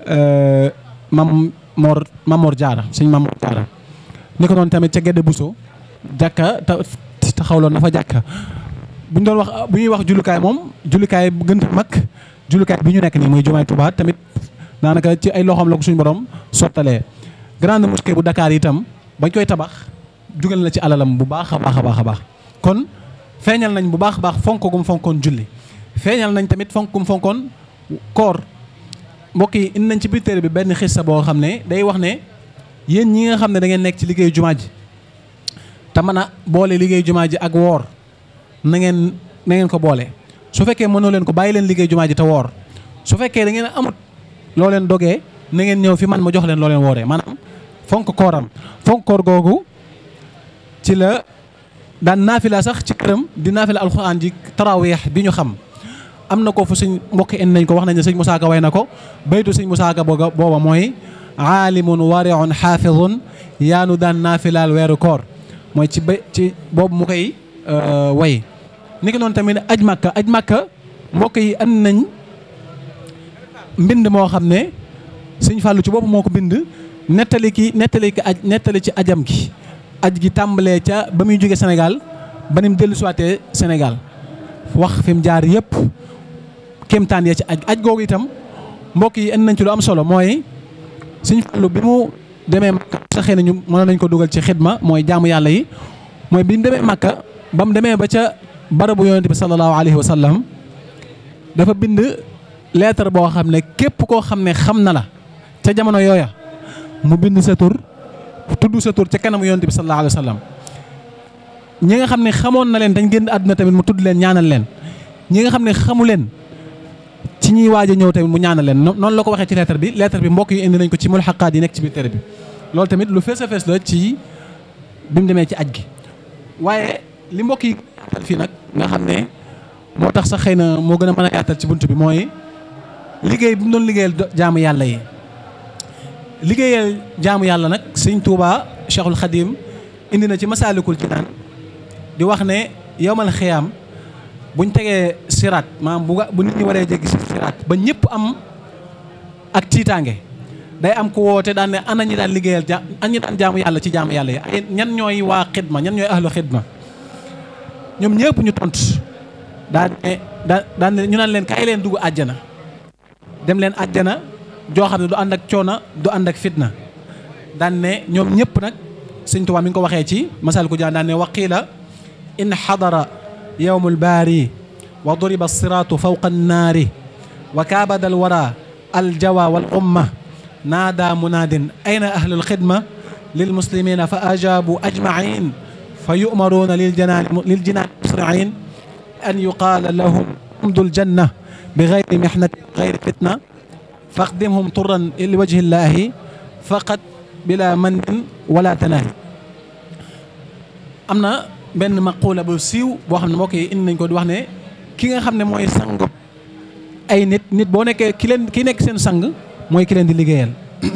euh, Mamor Mamor Diarra sëñ Mamor Diarra ni ko noonu tamit ca Gédé Bousso jàkka taxawloon na fa jàkka buñ doon wax bu ñuy wax jullukaay moom jullukaay bu gën mag jullukaay bi ñu nekk muy jumaay Touba tamit daanaka ci ay loxoom la ko suñu borom sottalee grande mosquée bu Dakar itam bañ koy tabax jugal na ci alalam bu baax a baax a baax a baax kon feeñal nañ bu baax a baax fonk gum fonkoon julli feeñal nañ tamit fonk gum fonkoon koor mbokk yi indi nañ ci biir téere bi benn xissa boo xam ne day wax ne yéen ñi nga xam ne da ngeen nekk ci liggéey jumaa ji te mën a boole liggéey jumaa ji ak woor na ngeen na ngeen ko boole su fekkee mënoo leen ko bàyyi leen liggéey jumaa ji te woor su fekkee da ngeen amut loo leen dogee nangeen ñëw fi man ma jox leen loo leen wooree maanaam fonk kooram fonk koor googu ci la daan naafila sax ci këram di naafila alxuraan ji taraweex bi ñu xam am na ko fu suñ mbokk indi nañ ko wax nañ ne sëñ Moussa Ka way na ko baytu sëñ Moussa Ka booga booba mooy aalimun wariun xaafidun yaanu daan laal weeru koor mooy ci ba ci boobu mu koy euh, way ni ki noonu tamit aj màkka aj màkka mbokk yi and nañ mbind moo xam ne Sëñ Fàllu ci bopp moo ko mbind nettali ki nettali ki aj nettali ci ajam gi aj gi tàmbalee ca ba muy jóge senegal ba ni mu dellu suwaatee wax fi jaar yëpp kéemtaan ya ci aj aj googu itam mbokk yi and nañ ci lu am solo mooy sëñ Fallou bi mu demee Makka saxee nañu mën nañ ko dugal ci xidma mooy jaamu yàlla yi mooy bi mu ba mu demee ba ca barabu yonent bi sallallahu alayhi wa sallam dafa bind lettre boo xam ne képp koo xam ne xam na la ca jamono yooya mu bind sa tur tudd sa tur ca kanamu yonent bi sallallahu alayhi wa sallam ñi nga xam ne xamoon na leen dañ génn àdduna tamit mu tudd leen ñaanal leen ñi nga xam ne xamu leen. ci ñuy waaj a ñëw tamit mu ñaana leen noonu la ko waxee ci lettre bi lettre bi mbokk yi indi nañ ko ci mulxaqaat yi nekk ci biir tere bi loolu tamit lu fees a fees la ci bi demee ci aj gi waaye li mbokk yi fii nag nga xam ne moo tax sax xëy na moo gën a mën a yaatal ci bunt bi mooy liggéey bi mu doon liggéeyal jaamu yàlla yi liggéeyal jaamu yàlla nag sëñ Touba Cheikhul Khadim indi na ci masaalikul jinaan di wax ne yowmal xiyaam buñ tegee siraat maanaam bu bu nit ñi waree jéggi si siraat ba ñëpp am ak tiitaange day am ku woote daan ne ana ñi daan liggéeyal ja ana ñi daan jaamu yàlla ci jaamu yàlla yi ay ñan ñooy waa xidma ñan ñooy ahlu xidma ñoom ñëpp ñu tont daan ne daan ñu naan leen kaay leen dugg àjjana dem leen àjjana joo xam ne du ànd ak coona du ànd ak fitna daan ne ñoom ñëpp nag Sëñ Tuubaa mi ngi ko waxee ci masal ku jaan daan ne waqiila in xadara يوم الباري وضرب الصراط فوق النار وكابد الورى الجوى والأمة نادى مناد أين أهل الخدمة للمسلمين فأجابوا أجمعين فيؤمرون للجنان للجنان مسرعين أن يقال لهم حمد الجنة بغير محنة غير فتنة فاخدمهم طرا لوجه الله فقط بلا من ولا تناهي am na benn maqula bu siiw boo xam ne mbokk yi indi nañ ko di wax ne ki nga xam ne mooy sang ay nit nit boo nekkee ki leen ki nekk seen sang mooy ki leen di liggéeyal [clears throat]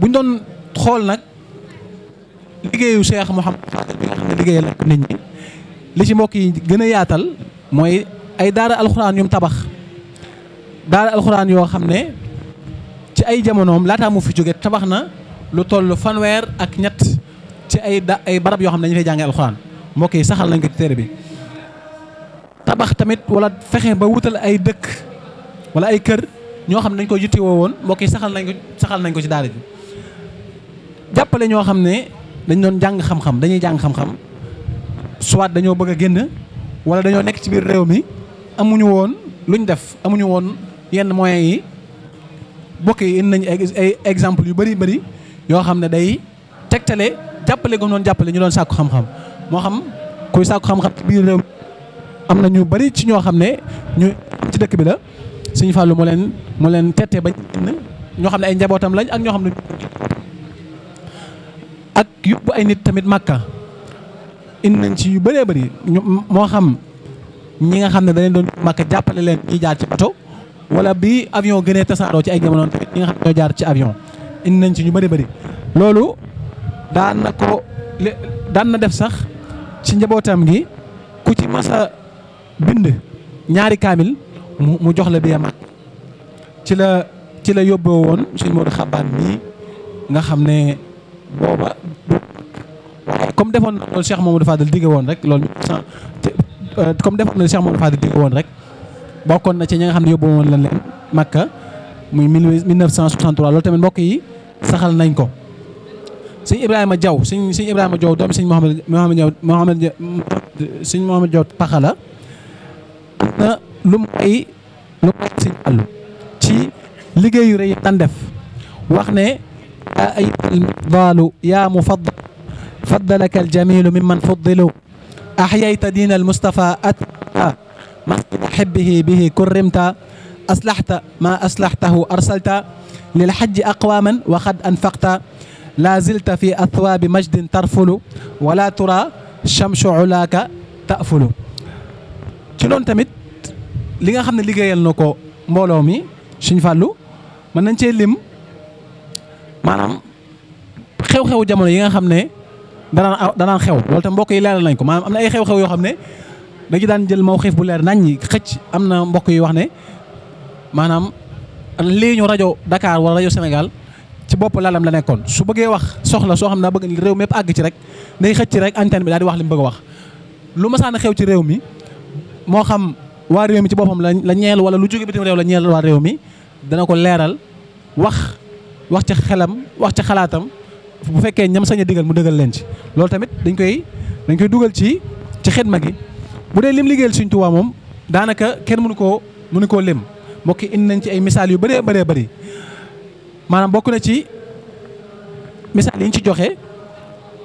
buñ doon xool nag liggéeyu Cheikh moo Fadel bi nga xam ne li ci mbokk yi gën a yaatal mooy ay daara alxuraan yum tabax daara alxuraan yoo xam ne ci ay jamonoom laataa mu fi jóge tabax na lu toll fanweer ak ñett ci ay da ay barab yoo xam ne dañu fay mbokk yi saxal nañ ko bi tabax tamit wala fexe ba wutal ay dëkk wala ay kër ñoo xam ne dañ ko yitte woo woon mbokk yi saxal nañ ko saxal nañ ko ci daara jàppale ñoo xam ne dañ doon jàng xam-xam dañuy jàng xam-xam soit dañoo bëgg a génn wala dañoo nekk ci biir réew mi amuñu woon luñ def amuñu woon yenn moyens yi mbokk yi indi nañ ay exemple yu bari bari yoo xam ne day tegtalee jàppale gum doon jàppale ñu doon sàkku xam-xam moo xam kuy sàkku xam-xam biir réew am na ñu bari ci ñoo xam ne ñu ci dëkk bi la Sëñ Fallou moo leen moo leen tettee ba ñoo xam ne ay njabootam lañ ak ñoo xam ne ak yóbbu ay nit tamit màkka indi nañ ci yu bëree bëri moo xam ñi nga xam ne daleen doon màkka jàppale leen ñuy jaar ci poto wala bi avion gënee tasaaroo ci ay jamono tamit ñi nga xam ne ñoo jaar ci avion indi nañ ci ñu bëri bari loolu daan na ko daan na def sax ci njabootam gi ku ci masa bind ñaari kaamil mu mu jox la bee mag ci la ci la yóbboo woon suñ Modou Xabaan nii nga xam ne booba comme defoon na loolu Cheikh Mamadou Fadal digge woon rek loolu euh, comme defoon na Cheikh Mamadou Fadal digge woon rek bokkoon na ci ñi nga xam ne yóbboo woon lan leen Makka muy 1963 loolu tamit mbokk yi saxal nañ ko sëñ Ibrahima Diaw sëñ sëñ Ibrahima Diaw doomi sëñ Mouhamed Mouhamed Diaw Mouhamed sëñ Mouhamed Diaw paxa la na lu may lu may sëñ àllu ci liggéey yu rëy tan def wax ne yaa ayyuhal mifdaalu yaa mufaddal faddalaka aljamilu mimman fuddilu axyayta diina almustafa atmamta masjida xibbihi bihi kurrimta aslaxta ma aslaxtahu arsalta lilxajji aqwaman wa qad anfaqta laa zilta fi athwaabi majdin tarfulu wala tura chamsu ulaaka tafulu ci noonu tamit li nga xam ne liggéeyal na ko mbooloo mi suñ fàllu mën nañ cee lim maanaam xew-xew jamono yi nga xam ne danaan danaan xew loolu mbokk yi leeral nañ ko maanaam am ay xew-xew yoo xam ne dañu daan jël mawxif bu leer nañ ñi xëcc am na mbokk yi wax ne maanaam lii ñu rajo Dakar wala rajo Sénégal ci bopp laalam la nekkoon su bëggee wax soxla soo xam naa bëgg réew mépp àgg ci rek day xëcc ci rek antenne bi daal di wax li mu bëgg wax lu ma saan xew ci réew mi moo xam waa réew mi ci boppam la ñeel wala lu jóge bitim réew la ñeel waa réew mi dana ko leeral wax wax ci xelam wax ci xalaatam bu fekkee ñam sañ a digal mu dëgal leen ci loolu tamit dañ koy dañ koy dugal ci ci xidma gi bu dee lim liggéeyal Sëriñ Tuubaa moom daanaka kenn mënu koo mënu koo lim mbokk yi indi nañ ci ay misaal yu bëree bëree bëri maanaam bokk na ci misaal yi ñu ci joxe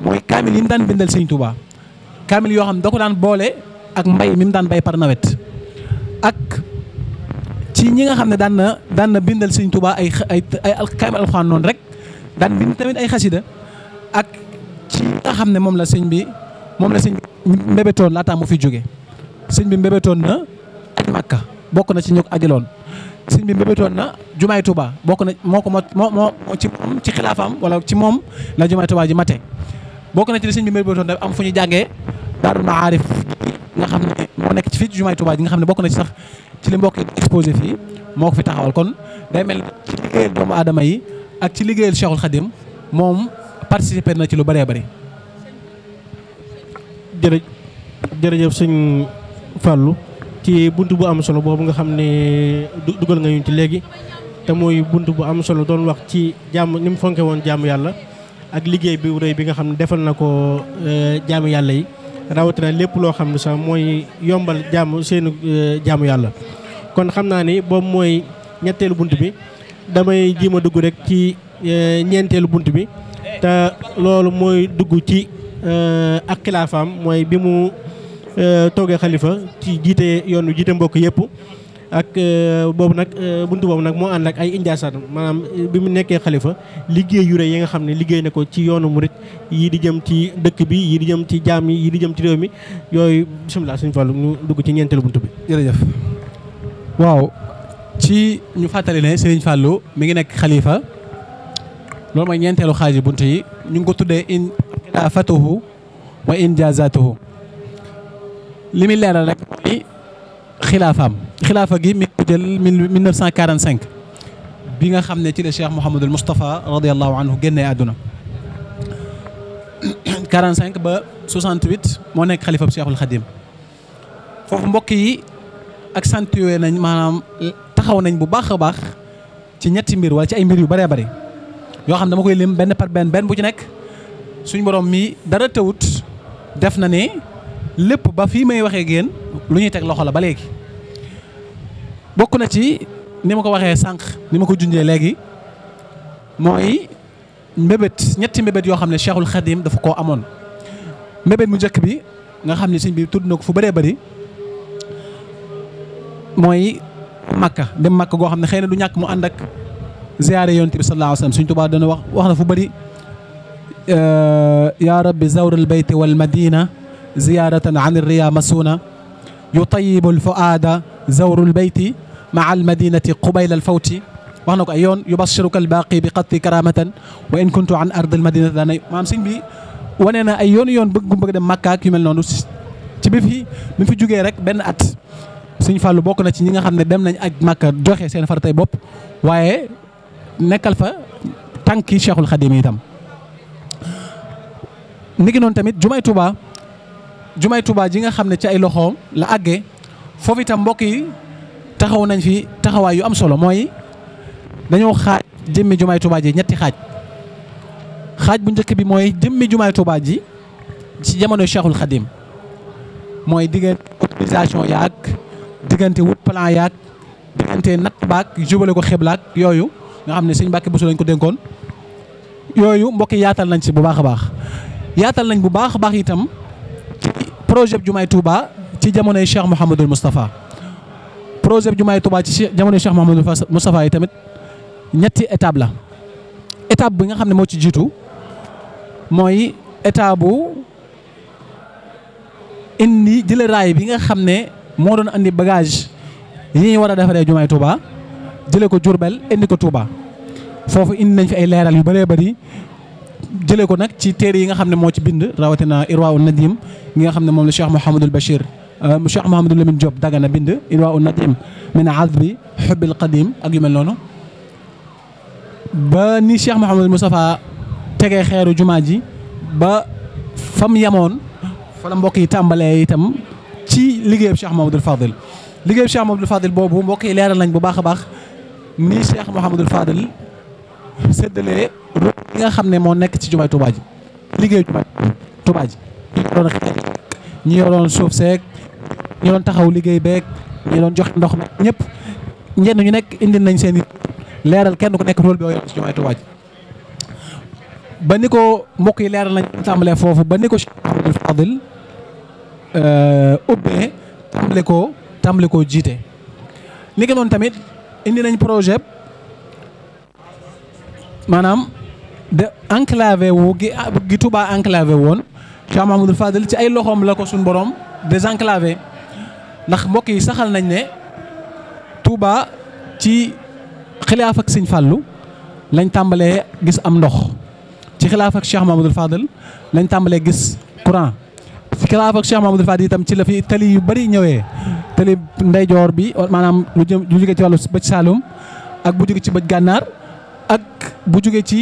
mooy kaamil yi mu daan bindal sëñ Touba kaamil yoo xam ne da ko daan boole ak mbay mi mu daan bay par nawet ak ci ñi nga xam ne daan na bindal siñ Touba ay ay ay kaamil rek daan bind tamit ay xasida ak ci nga xam ne moom la sëñ bi moom la sëñ bi mu fi jóge sëñ bi mbébétoon na aj Makka bokk na ci ñu ko ajaloon sëñ bi mbébétoon na jumaay Touba bokk na moo ko moo moo ci ci xilaafaam wala ci moom la jumaay Touba ji mate bokk na ci li sëñ bi mbébétoon am fu ñu jàngee daarul maarif nga xam ne nekk ci fii jumaay Touba nga xam ne bokk na ci sax ci li mbokk exposé fii moo ko fi taxawal kon day mel ci liggéeyal doomu aadama yi ak ci liggéeyal Cheikhul Khadim moom participer na ci lu bëree bëri. jërëjëf sëñ Fallou ci bunt bu am solo boobu nga xam ne dugal nga ñu ci léegi te mooy bunt bu am solo doon wax ci jàmm ni mu fonke woon jàmm yàlla ak liggéey bi rëy bi nga xam ne defal na ko euh, jaamu yàlla yi rawatina lépp loo xam ne sax mooy yombal jàmm seenu euh, jaamu yàlla kon xam naa ni boobu mooy ñetteelu bunt bi damay jiima dugg rek ci euh, ñeenteelu bunt bi te loolu mooy dugg ci ak xilaafaam mooy bi mu Euh, toogee xalifa ci jiite yoonu wi jiite mbokk yëpp ak euh, boobu nag euh, bunt boobu nag moo ànd ak ay indiasaan maanaam bi mu nekkee xalifa liggéey yu rëy yi nga xam ne liggéey na ko ci yoonu murit yi di jëm ci dëkk bi yi di jëm ci jaam yi di jëm ci réew mi yooyu bisimilah suñu fàllu ñu dugg ci ñeenteelu buntu bi. jërëjëf waaw ci ñu fàttali ne Serigne Fallou mi ngi nekk xalifa loolu mooy ñeenteelu xaaji bunt yi ñu ngi ko tuddee in fatuhu wa injazatuhu li muy leeral rek mooy xilaafaam xilaafa gi mi ngi jël mille neuf bi nga xam ne ci la Cheikh Mouhamadul Moustapha radiyallahu anhu génnee àdduna 45 ba 68 moo nekk bu Cheikhul Khadim foofu mbokk yi accentué nañ maanaam taxaw nañ bu baax a baax ci ñetti mbir wala ci ay mbir yu bëree bëri yoo xam ne dama koy lim benn par benn benn bu ci nekk suñu borom mi dara tawut def na ne. lépp ba fii may waxee génn lu ñuy teg loxo la ba léegi bokk na ci ni ma ko waxee sànq ni ma ko junjee léegi mooy mbébét ñetti mbébét yoo xam ne Cheikhul Khadim dafa ko amoon mbébét mu njëkk bi nga xam ne sëñ bi tudd na ko fu bëree bari mooy makka dem makka goo xam ne xëy na du ñàkk mu ànd ak ziyaare yonent bi sallallahu alayhi suñ Tuubaa dana wax wax na fu bari yaa rabbi zawral bayti wal madina زيادة عن الريا مسونة يطيب الفؤاد زور البيت مع المدينة قبيل الفوت wax na ko ay yoon yubashiruka albaaqi bi qatti karamatan wa in kuntu an ard almadinati daana maam sëñ bi wane na ay yoon yoon bëgg gu bëgg dem Makka ak yu mel noonu ci bi fi mi fi jógee rek benn at sëñ Fallou bokk na ci ñi nga xam ne dem nañ ak Makka joxe seen faratay bopp waaye nekkal fa tànki Cheikhul Khadim itam niki noonu tamit Jumaay Touba jumaay Touba ji nga xam ne ci ay loxoom la àggee foofu itam mbokk yi taxaw nañ fi taxawaay yu am solo mooy dañoo xaaj jëmmi jumaay Touba ji ñetti xaaj xaaj bu njëkk bi mooy jëmmi jumaay Touba ji ci jamono Cheikhul Khadim mooy diggante autorisation yaag diggante wut plan yaag diggante natt baak jubale ko xiblaak yooyu nga xam ne sëñ bu Buso lañ ko dénkoon yooyu mbokk yaatal nañ si bu baax a baax yaatal nañ bu baax a baax itam. projet bu jumaay Touba ci jamonoy Cheikh Mouhamadul Moustapha projet bu jumaay Touba ci jamonoy Cheikh Mouhamadul Moustapha yi tamit ñetti étape la étape bi nga xam ne moo ci jiitu mooy état bu indi jële raay bi nga xam ne moo doon indi bagage yi ñuy war a defaree jumaay Touba jële ko Jurbel indi ko Touba foofu indi nañ fi ay leeral yu bëree jëlee ko nag ci téere yi nga xam ne moo ci bind rawatina Irwaa un Nadim gi nga xam ne moom la Cheikh Mouhamadul Bachir euh, Cheikh Mouhamadul Lamine Diop dagana bind Irwaa un Nadim min azbi xubbil qadim ak yu mel noonu ba ni Cheikh Mouhamadul Moustapha tegee xeeru jumaa ji ba fam yamoon fa la mbokk yi tàmbalee itam ci liggéeyam Cheikh Mouhamadul Fadil liggéeyam Cheikh Mouhamadul Fadil boobu mbokk yi leeral nañ bu baax a baax ni Cheikh Mouhamadul Fadil séddalee li nga xam ne moo nekk ci jumaay Touba ji liggéeyu jumaay Touba ji doon suuf seek ñi doon taxaw liggéey beek ñi doon joxe ndox mi ñëpp ñenn ñu nekk indi nañ seen leeral kenn ku nekk rôle bi yoon ci jumaay Touba ba ni ko mbokk yi leeral nañ tàmbalee foofu ba ni ko Cheikh Abdoul Fadil euh, ubbee tàmbale koo tàmbale koo jiite ni ko noonu tamit indi nañ projet maanaam de enclavé wu gi ah, gi Touba enclavé woon Cheikh Mahamadou Fadel ci ay loxoom la ko suñu borom enclavé ndax mbokk yi saxal nañ ne Touba ci xilaaf ak Sëñ Fàllu lañ tàmbalee gis am ndox ci xilaaf ak Cheikh Mahamadou Fadel lañ tàmbalee gis courant ci xilaaf ak Cheikh Mahamadou Fadel itam ci la fi tali yu bari ñëwee tali ndeyjoor bi maanaam lu jëm lu jóge ci wàllu bëj Saalum ak bu jóge ci bëj gànnaar ak bu jóge ci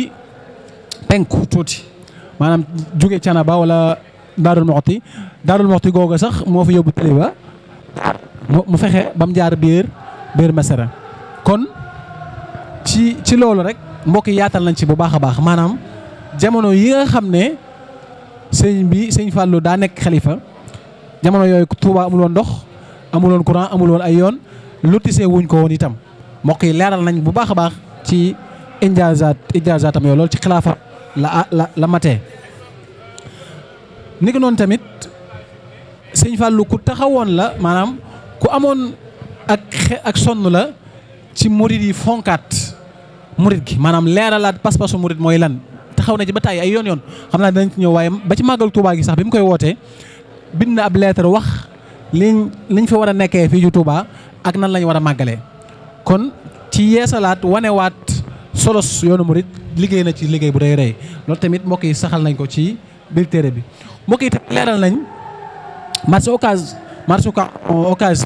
penku tuuti maanaam jóge ba wala Daarul Moxti Daarul Moxti googa sax moo fa yóbbu tali ba mu fexe ba mu jaar biir biir Mesere kon ci ci loolu rek mbokk yaatal nañ ci bu baax a baax maanaam jamono yi nga xam ne sëñ bi sëñ Fallou daa nekk xalifa jamono yooyu Touba amul ndox amul woon courant amul ay yoon lotissé wuñ ko woon itam mbokk yi nañ bu baax a baax ci. injaazaat injaazaatam yooyu loolu ci xilaafa la ah, la la matee ni ko noonu tamit sëñ Fallou ku taxawoon la maanaam ku amoon ak xe ak sonn la ci murid yi fonkaat murid gi maanaam leeralaat pas-pasu murid mooy lan taxaw na ci ba tàyyi ay yoon yoon xam naa dinañ ci ñëw waaye ba ci màggal Touba gi sax bi mu koy wootee bind na ab lettre wax liñ liñ fi war a nekkee fii ju Touba ak nan lañ war a màggalee kon ci yeesalaat wanewaat solos yoonu murit liggéey na ci liggéey bu day rey loolu tamit mbokk yi saxal nañ ko ci biir téere bi mbokk yi tamit leeral nañ marché Ocass marché Ocass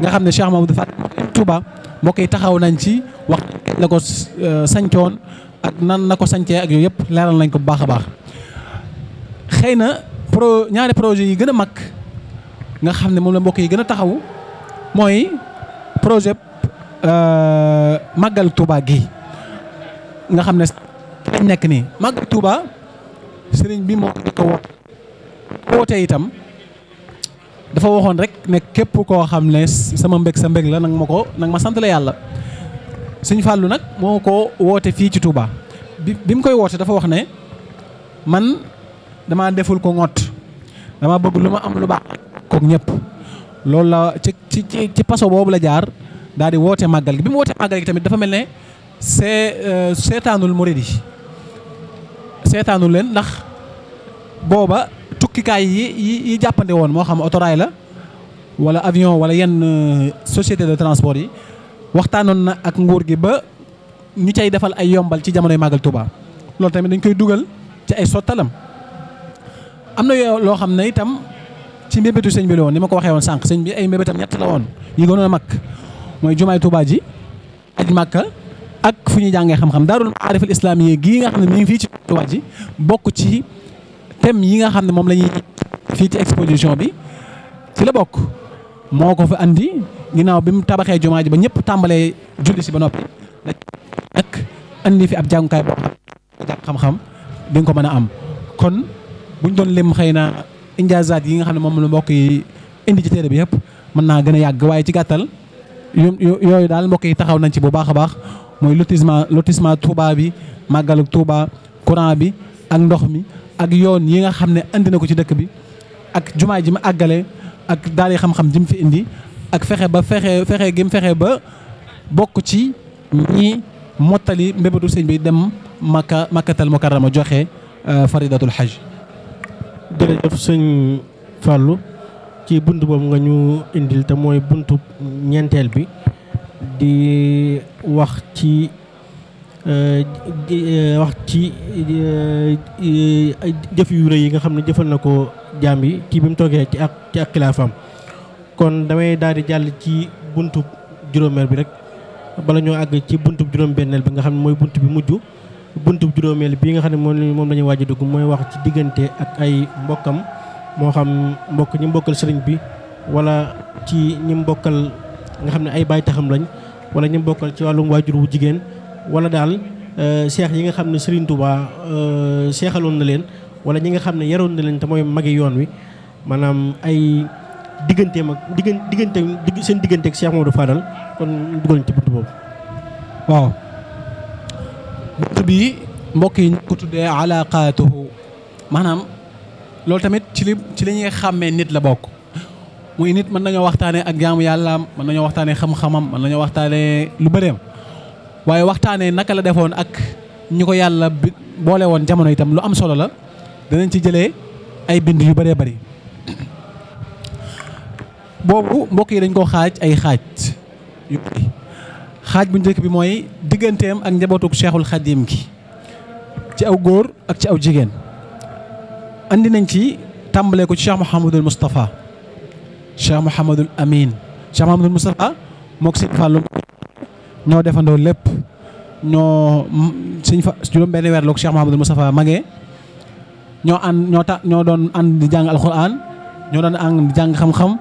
nga xam ne Cheikh Mamadou Fat Touba mbokk yi taxaw nañ ci wax la ko euh, sancoon ak nan na ko sancee ak yooyu yëpp leeral nañ ko bu baax a baax xëy na pro ñaari projet yi gën a mag nga xam ne moom la mbokk yi gën a taxaw mooy projet euh, màggal Touba gi nga xam ne lañ nekk nii màggal Touba sëriñ bi moo ko woote woote itam dafa waxoon rek ne képp koo xam ne sama mbég sa mbég la nag ma ko nag ma sant la yàlla suñ fàllu nag moo ko woote fii ci Touba bi mu koy woote dafa wax ne man damaa deful ko ngott dama bëgg lu ma am lu baax kook ñëpp loolu la ci ci ci paso boobu la jaar daal di woote màggal gi bi mu wootee màggal gi tamit dafa mel ne see euh, seetaanul murid yi leen ndax booba tukkikaay yi yi jàppande woon moo xam otoraay la wala avion wala yenn euh, société de transport yi waxtaanoon na ak nguur gi ba ñu cay defal ay yombal ci jamonoy màggal Touba loolu tamit dañ koy dugal ci ay sottalam am na yoo loo xam ne itam ci mbébétu sëñ bi la woon ni ma ko waxee woon sànq sëñ bi ay mbébétam ñett la woon yi gënoon a mag mooy jumaay Touba ji aj Màkka ak fu ñuy jàngee xam-xam daarul maarifal islaamiya gii nga xam ne mi ngi fii ci Tuubaa ji bokk ci thème yi nga xam ne moom la fii ci exposition bi ci la bokk moo ko fa andi ginnaaw bi mu tabaxee jumaa ji ba ñëpp tàmbalee julli si ba noppi nag indi fi ab jàngukaay boo xam-xam di nga ko mën a am kon buñ doon lim xëy na injaazaat yi nga xam ne moom la mbokk yi indi ci téere bi yëpp mën naa gën a yàgg waaye ci gàttal yooyu daal mbokk yi taxaw nañ ci bu baax a baax mooy lotissement lotissement Touba bi màggalu Touba courant bi ak ndox mi ak yoon yi nga xam ne andi na ko ci dëkk bi ak jumaa ji mu àggale ak daal xam-xam ji mu fi indi ak fexe ba fexe fexe gi fexe ba bokk ci ñi mottali mbébétu sëñ bi dem makka makkatal ma joxe euh, faridatul hajj jërëjëf sëñ Fallou ci bunt boobu nga ñu indil te mooy buntu ñeenteel bi di wax ci euh, euh, wax ci euh, jëf yu rëy yi nga xam ne jëfal na ko jaam yi ci bi mu toogee ci ak ci ak xilaafam kon damay daal di jàll ci buntub juróomeel bi rek bala ñoo àgg ci buntub juróom-benneel bi nga xam ne mooy bunt bi mujj buntub juróomeel bi nga xam ne moom la ñuy waaj dugg mooy wax ci diggante ak ay mbokkam moo xam mbokk ñi mbokkal sëriñ bi wala ci ñi mbokkal nga xam ne ay baay taxam lañ wala ñu bokkal ci wàllum waajur wu jigéen wala daal euh, seex yi nga xam ne Serigne Touba euh, seexaloon na leen wala ñi nga xam ne yaroon na leen te mooy magi yoon wi maanaam ay digganteem ak diggante seen digganteeg Cheikh Modou Fadal kon dugal ci bunt boobu. waaw. bunt bi mbokk yi ñu ko tuddee alaaqaatuhu maanaam loolu tamit ci li ci li ñuy xàmmee nit la bokk. muy nit mën nañoo waxtaanee ak jaamu yàllaam mën nañoo waxtaanee xam-xamam mën nañoo waxtaanee lu bëreem waaye waxtaanee naka la defoon ak ñi ko yàlla bi boole woon jamono itam lu am solo la danañ ci jële ay bind yu bëree bëri. boobu mbokk yi dañ ko xaaj ay xaaj xaaj bu njëkk bi mooy digganteem ak njabootuk Cheikhul Khadim gi ci aw góor ak ci aw jigéen indi nañ ci tàmbalee ko ci Cheikh Mouhamadul Moustapha. Cheikh Mouhamadul Amin Cheikh Mouhamadul Moustapha mook ñoo defandoo lépp ñoo fa juróom benn weer loog Cheikh Mouhamadul ñoo ànd ñoo ta ñoo doon ànd di jàng alxuraan ñoo doon ànd di jàng xam-xam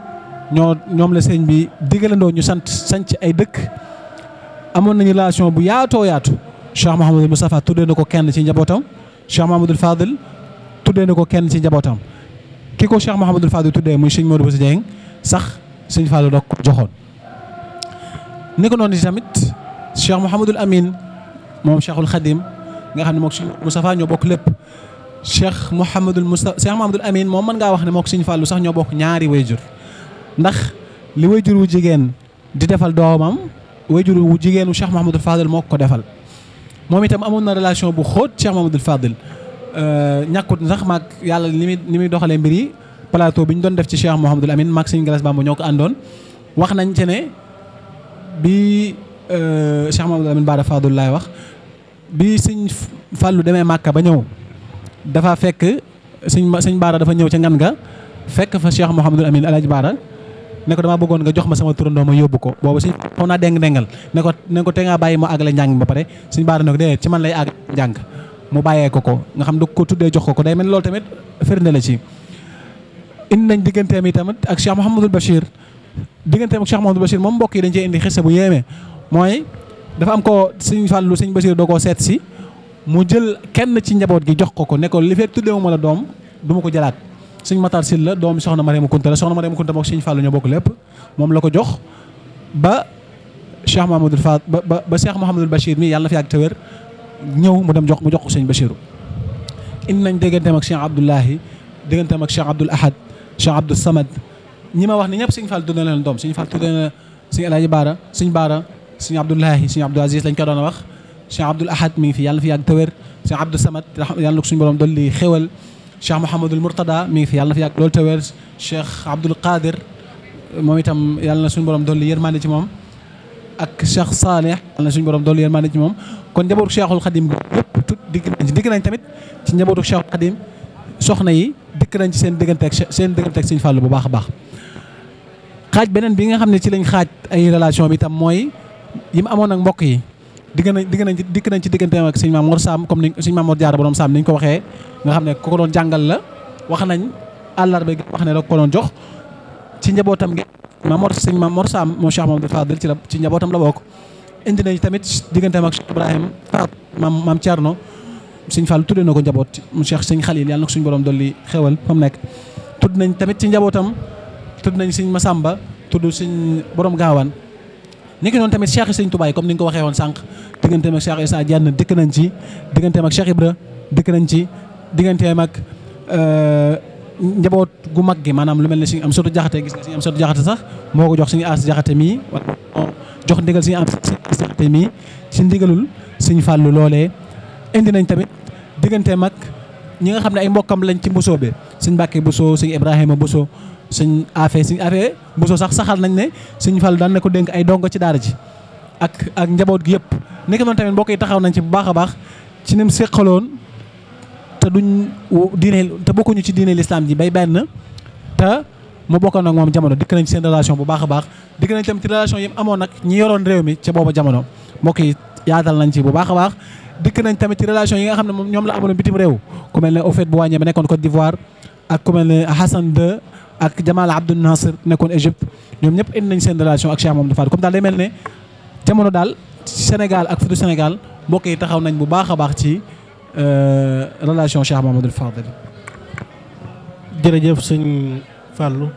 ñoo ñoom la sëñ bi digalandoo ñu sant sanc ay dëkk amoon nañu relation bu yaatoo yaatu Cheikh Mouhamadul Moustapha tuddee na ko kenn ci njabootam Cheikh Mouhamadul Fadil tuddee na ko kenn ci njabootam ki ko Cheikh Mouhamadul Fadil tuddee muy sëñ Modou si Dieng sax sëñ Fallou doog joxoon. ni ko noonu si tamit Cheikh Mouhamadul Amin moom Cheikhul Khadim nga xam ne moog Cheikh Moustapha ñoo bokk lépp. Cheikh Mouhamadul Moustapha Cheikh Mouhamadul Amin moom mën ngaa wax ne moog sëñ Fallou sax ñoo bokk ñaari wayjur ndax li wayjur wu jigéen di defal doomam wayjur wu jigéenu Cheikh Mouhamadul Fadel mook ko defal. moom itam amoon na relation bu xóot Cheikh Mouhamadul Fadel euh, ñàkkut sax maag yàlla ni muy ni mbir yi. plateau bi ñu doon def ci Cheikh Mouhamadul Amine maak Serigne Gallas Bamba ñoo ko àndoon wax nañ ci ne bi euh, Cheikh Mouhamadul Amine Baara Fadul laay wax bi Serigne Fallou demee Màkka ba ñëw dafa fekk Serigne Serigne Baara dafa ñëw ca ngan ga fekk fa Cheikh Mouhamadul Amine Alaaji Baara ne ko damaa bëggoon nga jox ma sama turandoo ma yóbbu ko boobu suñ xaw naa déng déngal ne ko ne ko te ngaa bàyyi ma àggale njàng ba pare suñ baara ne ko déedéet ci man lay àgg njàng mu bàyyee ko ko nga xam da ko tuddee jox ko ko day mel loolu tamit la ci indi nañ digganteem yi tamit ak Cheikh Mouhamadul Bachir digganteem ak Cheikh Mouhamadul Bachir moom mbokk yi dañ cee indi xisa bu yéeme mooy dafa am ko sëñ Fallou sëñ Bachir doo ko seet si mu jël kenn ci njaboot gi jox ko ko nekkoon ko li fekk tuddee ma la doom du ma ko jalaat sëñ Matar Sil la doom soxna Mariama Kunta la soxna Mariama Kunta mook sëñ Fallou ñoo bokk lépp moom la ko jox ba Cheikh Mahamadul Fat ba ba Cheikh Mouhamadul Bachir mi yàlla fi yàgg te ñëw mu dem jox mu jox ko sëñ Bachiru indi nañ dégganteem ak Cheikh Abdoulahi dégganteem ak Cheikh Abdoul Ahad Cheikh Abdou Samad ñi ma wax ni ñëpp Sëñ Fall tudd na leen doom Sëñ Fall tudd na Sëñ El Hadj Baara Sëñ Baara Sëñ Abdoulahi Sëñ Abdou Aziz lañ ko doon wax Cheikh Abdoul Ahad mi ngi fi yàlla na fi yàgg tawér Cheikh Abdou Samad yàlla na ko suñu borom dolli xéwal Cheikh Mouhamadul Mourtada mi ngi fi yàlla fi yàgg lool tawér Cheikh Abdoul Qadir moom itam yàlla na suñu borom dolli yërmande ci moom ak Cheikh Saleh yàlla na suñu borom dolli yërmande ci moom kon njabootu Cheikhul Khadim yëpp digg nañ ci tamit ci njabootu soxna yi dikk nañ ci seen digganteeg seen digganteeg Sëñ Fallou bu baax a baax xaaj beneen bi nga xam ne ci lañ xaaj ay relation bi tam mooy yi mu amoon ak mbokk yi digg nañ digg nañ dikk nañ ci digganteem ak Sëñ Mamour Sam comme ni Sëñ Mamour Diarra borom Sam ni ñu ko waxee nga xam ne ku doon jàngal la wax nañ àllarba gi wax ne la ko doon jox ci njabootam gi Mamour Sëñ Mamour Sam moom Cheikh Mamadou Fadil ci la ci njabootam la bokk indi nañ tamit digganteem ak Cheikh Ibrahim Faat maam maam Thierno sëñ Fall tuddee na ko njaboot mu Cheikh sëñ Khalil yàlla na ko suñu borom dolli xewal fa mu nekk. tudd nañ tamit ci njabootam tudd nañ ma Masamba tudd sëñ borom gaawaan ni ki noonu tamit Cheikh sëñ Touba comme ni nga ko waxee woon sànq digganteem ak Cheikh Issa Diagne dikk nañ ci digganteem ak Cheikh Ibra dikk nañ ci digganteem ak euh, njaboot gu mag gi maanaam lu mel ne suñu am sotu jaxate gis nga suñu am sotu jaxate sax moo ko jox suñu aas jaxate mii jox ndigal suñu mii si ndigalul suñu fàllu loolee indi nañ tamit diggante mag ñi nga xam ne ay mbokkam lañ ci Bousso bi sëñ Mbàkke Bousso sëñ Ibrahima Bousso sëñ Afe sëñ Afe Bousso sax saxaal nañ ne sëñ fal daan na ko dénk ay dongo ci daara ji ak ak njaboot gi yëpp nekk noonu tamit mbokk taxaw nañ ci bu baax a baax ci nim séqaloon te duñ diine te bokkuñu ci diine lislaam ji bay benn te mu bokkoon ak moom jamono dikk nañ seen relation bu baax a baax dikk nañ tam ci relation yi amoon nag ñi yoroon réew mi ca booba jamono mbokk yi yaatal nañ ci bu baax a baax dikk nañ tamit ci relation yi nga xam ne moom ñoom la amaloon bitim réew ku mel ne au fait bu wàññee ba nekkoon Côte d'Ivoire ak ku mel ne Hassan II ak Jamal Abdel Nasser nekkoon Égypte ñoom ñëpp indi nañ seen relation ak Cheikh Mamadou Fadel comme daal day mel ne jamono daal Sénégal ak futu Sénégal mbokk yi taxaw nañ bu baax a baax ci euh, relation Cheikh Mamadou Fadel. jërëjëf sëñ Fallou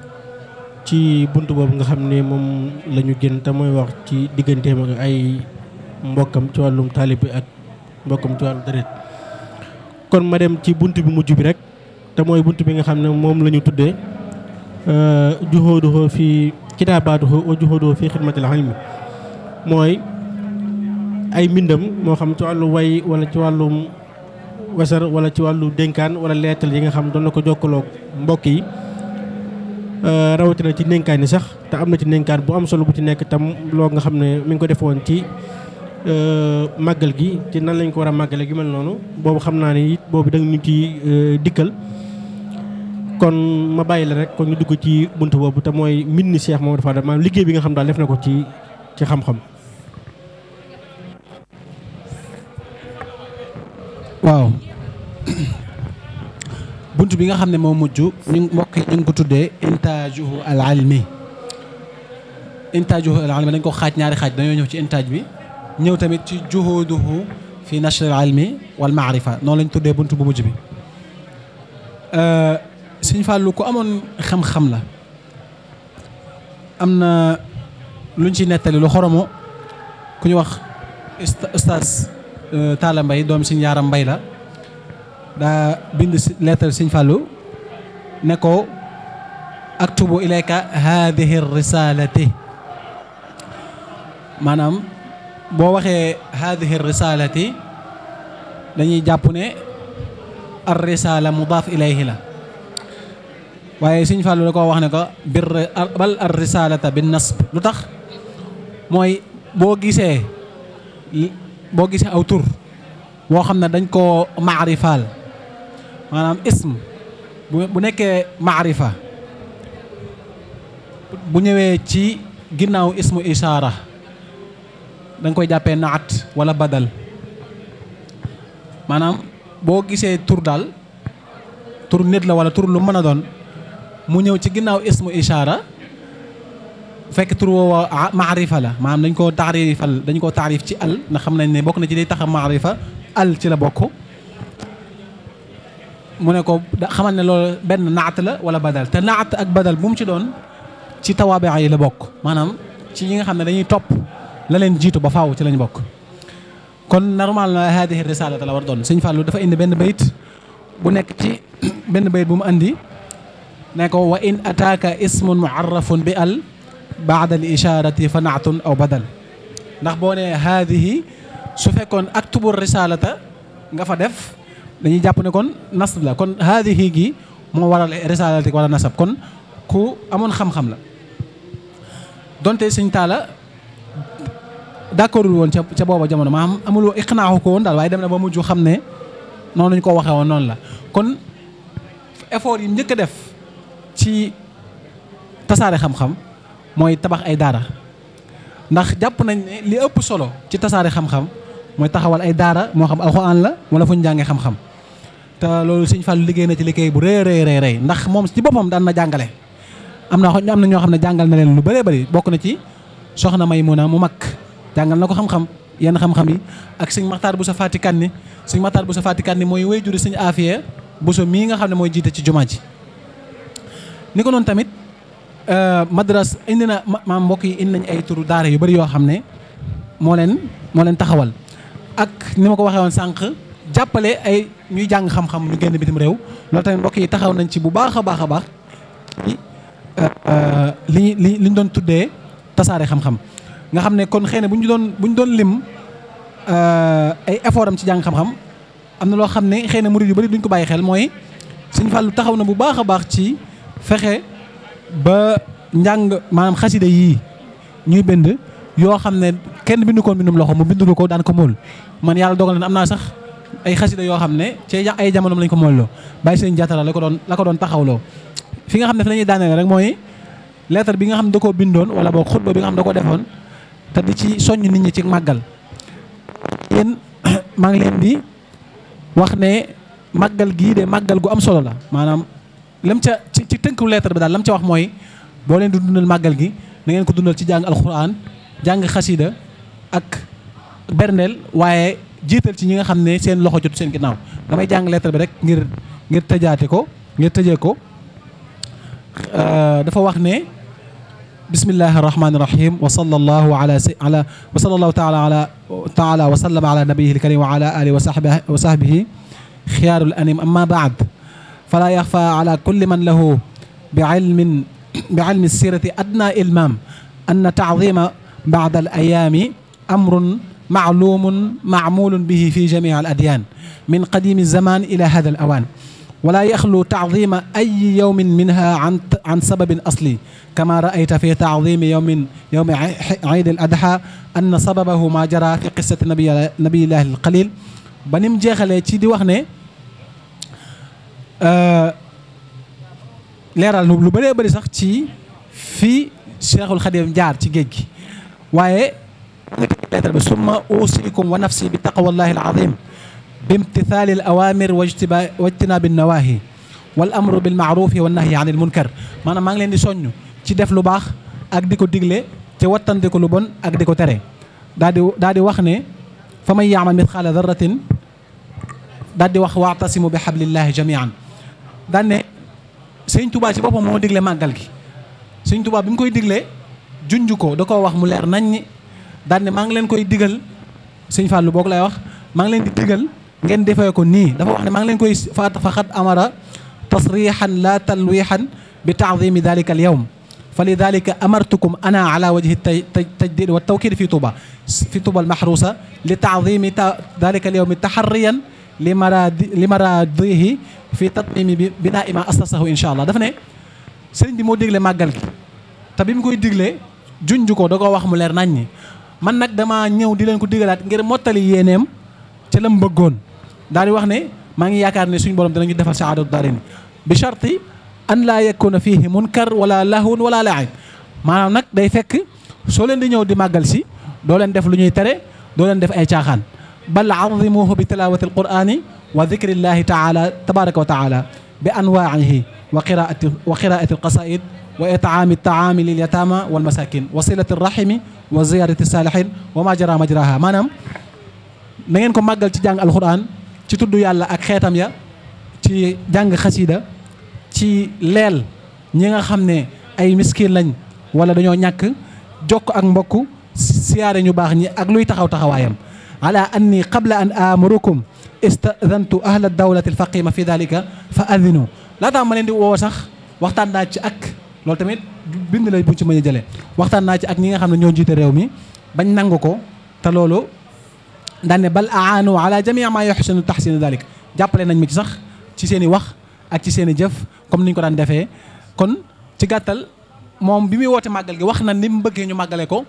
ci buntu boobu nga xam ne moom la ñu génn mooy wax ci digganteem ak ay mbokkam ci wàllum taalib bi mbokkam ci wàllu deret kon ma dem ci bunt bi mujj bi rek te mooy bunt bi nga xam ne moom la ñu tuddee euh, juhóoduhoo fi kitaabaatuhoo wa juhóoduhoo fi xidmatil ilmi mooy ay mbindam moo xam ci wàllu way wala ci wàllu wasar wala ci wàllu dénkaan wala leetal yi nga xam doon na ko jokkaloo mbokk yi euh, rawatina ci ndénkaan yi sax te am na ci ndénkaan bu am solo bu ci nekk tam loo nga xam ne mi ngi ko def ci Euh, màggal gi ci nan lañ ko war a màggale gi mel noonu boobu xam naa ni it boobu da ñu ci euh, dikkal kon ma bàyyi la rek kon ñu dugg ci bunt boobu te mooy mbind ni Cheikh Mamadou Fadal maanaam liggéey bi nga xam daal def na ko ci ci xam-xam. waaw bunt bi nga xam ne moo mujj ñu mbokk ñu ngi ko tuddee intaajuhu al almi intaajuhu al almi dañ ko xaaj ñaari xaaj dañoo ñëw ci intaaj bi. ñëw tamit ci juhuduhu fi nashr al ilmi wal noonu lañ tuddee bunt bu mujj bi euh, Sëñ Fàllu ku amoon xam-xam la am na luñ ci nettali lu xoromo ku ñu wax ustaas euh, Talla Mbay doom Sëñ Yaaram Mbay la daa bind lettre Sëñ Fàllu ne ko aktubu ilayka hadihi risalati maanaam boo waxee hadihi risalati dañuy jàpp ne ar mu mudaaf ilayhi la waaye Sëñ Fallu da koo wax ne ko bir bal ar risalata bi nasb lu tax mooy boo gisee boo gisee aw tur boo xam ne dañ koo maarifaal maanaam ism bu nekkee maarifa bu ñëwee ci ginnaaw ismu ishaara dañ koy jàppee naat wala badal maanaam boo gisee tur daal tur nit la wala tur lu mën a doon mu ñëw ci ginnaaw ismu ishaara fekk tur woowa maarifa la maanaam dañ koo taarifal dañ koo taarif ci al na xam nañ ne bokk na ci liy tax a maarifa al ci la bokk mu ne ko xamal ne loolu benn naat la wala badal te naat ak badal bu mu ci doon ci tawaabe yi la bokk maanaam ci yi nga xam ne dañuy topp la leen jiitu ba faaw ci lañ bokk kon normalement haadihi risalata la war doon sëñ Fallou dafa indi benn bayit bu nekk ci [clears throat] benn bayit bu mu indi ne ko wa in ataaka ismun muarrafun bi al baada al isharati fanaatun aw badal ndax boo nee haadihi su fekkoon aktubu risalata nga fa def dañuy jàpp ne kon nasb la kon haadihi gi moo waral risalati wala nasab kon ku amoon xam-xam la donte sëñ Taala d'accordul woon ca ca booba jamono maanaam amuloo iqnaaxu ko woon daal waaye dem na ba mujj xam ne noonu ñu ko waxee woon noonu la kon effort yi njëkk a def ci tasaare xam-xam mooy tabax ay daara ndax jàpp nañ li ëpp solo ci tasaare xam mooy taxawal ay daara moo xam alxuraan la wala fu ñu jàngee xam-xam te loolu Sëñ Fallu liggéey na ci liggéey bu rëy rëy rëy ndax moom ci boppam daan na jàngale am na am na ñoo xam ne jàngal na leen lu bëree bëri bokk na ci soxna Maymuna mu mag jàngal na ko xam-xam yenn xam-xam yi ak sëñ Maxtaar bu sa Faati Kanni sëñ Maxtaar bu sa Faati Kanni mooy way juri sëñ Afiya bu so mii nga xam ne mooy jiite ci jumaa ji ni ko noonu tamit euh, madras indi na ma mbokk yi indi nañ ay turu daara yu bari yoo xam ne moo leen moo leen taxawal ak ni ma ko waxee woon sànq jàppale ay ñuy jàng xam-xam ñu génn bitim réew loolu tamit mbokk yi taxaw nañ ci bu baax a baax a baax li euh, euh, li ñu doon tuddee tasaare xam-xam nga xam ne kon xëy na bu ñu doon bu ñu doon lim euh, ay effort ci jàng xam-xam am na loo xam ne xëy na murid yu bari duñ ko bàyyi xel mooy Sëñ Fallu taxaw na bu baax a baax ci fexe ba njàng maanaam xasida yii ñuy bind yoo xam ne kenn bindu ko bindum loxo mu bindu ko daan ko mool man yàlla dogal na am naa sax ay xasida yoo xam ne ci ay jamonoom lañ ko mooloo bàyyi seen jàttara la ko doon la ko doon taxawloo fi nga xam ne fi la ñuy daaneel rek mooy lettre bi nga xam ne da koo wala boog xutba bi xam ne koo defoon te di ci soññ nit ñi ci màggal yéen [clears throat] maa ngi leen di wax ne màggal gii de màggal gu am solo la maanaam lam ca ci ci tënku lettre bi daal lam ca wax mooy boo leen di dundal màggal gi na ko dundal ci jàng alxuraan jàng xasida ak berndel waaye jiital ci ñi nga xam ne seen loxo jot seen ginnaaw damay jàng lettre bi rek ngir ngir tëjaate ko ngir tëjee ko dafa wax ne bismillahi irrahmani irahim wa sallallahu ala ala wa sallallahu taala ala taala wa sallama ala nabiyihi ilkarim wa ala alihi wa sahbihi wa sahbihi xiyaarul anim amma baad falaa yaxfa ala kulli man lahu bi ilmin bi ilmi sirati adna ilmaam anna taadima baada al ayaami amrun maalumun maamulun bihi fi jamii al adyaan min qadimi zaman ila hada al awaan wala yaxlu taadima ay yowmin minha an an sababin asli kama raayta fi taadimi yowmin yowmi iid al adha ann sababahu ma jara fi qissati nabi nabiyillahi al qalil ba nim jeexalee ci di wax ne euh, leeral lu bëree bëri sax ci fii Cheikhul Khadim jaar ci géej gi waaye leetar bi summa uusikum wa nafsi bi taqwallahi al azim bimtithaalil awaamir wa ijtinaabi nawaahi wal amru bil maaruufi wa nahyi anil munkar maanaam maa ngi leen di soññ ci def lu baax ak di ko digle te wattandi ko lu bon ak di ko tere daal di daal di wax ne fa man yaamal mitqaala darratin daal di wax waatasimu bi xablillahi jamian daan ne sëñ Tuubaa ci boppam moo digle màggal gi sëñ Tuubaa bi mu koy diglee junj ko da koo wax mu leer nañ ñi daan ne maa ngi leen koy digal sëñ Fallou boog lay wax maa ngi leen di digal ngeen defee ko nii dafa wax ne maa ngi leen koy faat faxat amara tasrixan laa talwixan bi taadimi dalika al yawm fa li dalika amartukum ana ala wajhi tajdid wa tawkid fi tuba fi tuba al mahrusa li taadimi dalika al yawmi li maradi li maradihi fi tatmimi bi binaa ima astasahu insha allah dafa ne sëriñ bi moo digle màggal gi te bi mu koy digle junj ko da koo wax mu leer nañ ñi man nag dama ñëw di leen ko digalaat ngir mottali yéeneem ci la mu daal di wax ne maa ngi yaakaar ne suñu borom dinañu defal saadatu daarayni bi charti an laa yakuna fihi munkar wala lahwun wala laib maanaam nag day fekk soo leen di ñëw di màggal si doo leen def lu ñuy tere doo leen def ay caaxaan bal azimuhu bi tilawati alqurani wa dikrillahi taala tabaraka wa taala bi anwaihi wa qiraati wa qiraati alqasaid wa itaami taami lil yataama wal masakin wa silati rahimi wa ziyarati salihin wa ma jara majraha maanaam na ngeen ko màggal ci jàng alquran ci tudd yàlla ak xeetam ya ci jàng xasiida ci leel ñi nga xam ne ay miskin lañ wala dañoo ñàkk jokk ak mbokk siyaare ñu baax ñi ak luy taxaw taxawaayam ala anni qabla an amurukum istadantu ahla dawlati alfaqima fi dalika fa adinu laataa ma leen di woo sax waxtaan naa ci ak loolu tamit bind la buñ ci mën a jëlee waxtaan naa ci ak ñi nga xam ne ñoo jiite réew mi bañ nangu ko te loolu daan ne bal aanu ala jamia ma yoxsinu taxsinu dalik jàppale nañ ma ci sax ci seen i wax ak ci seen jëf comme ñu ko daan defee kon ci gàttal moom bi muy woote màggal gi wax na ni mu bëggee ñu màggale ko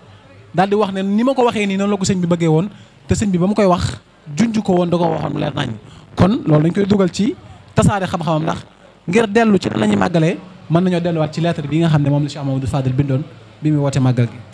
daal di wax ne ni ma ko waxee nii noonu la ko sëñ bi bëggee woon te sëñ bi ba mu koy wax junj ko woon da ko waxoon leer nañ kon loolu dañ koy dugal ci tasaare xam-xamam ndax ngir dellu ci lan la ñuy màggalee mën nañoo delluwaat ci lettre bi nga xam ne moom la Cheikh Mamadou Fadel bindoon bi muy màggal gi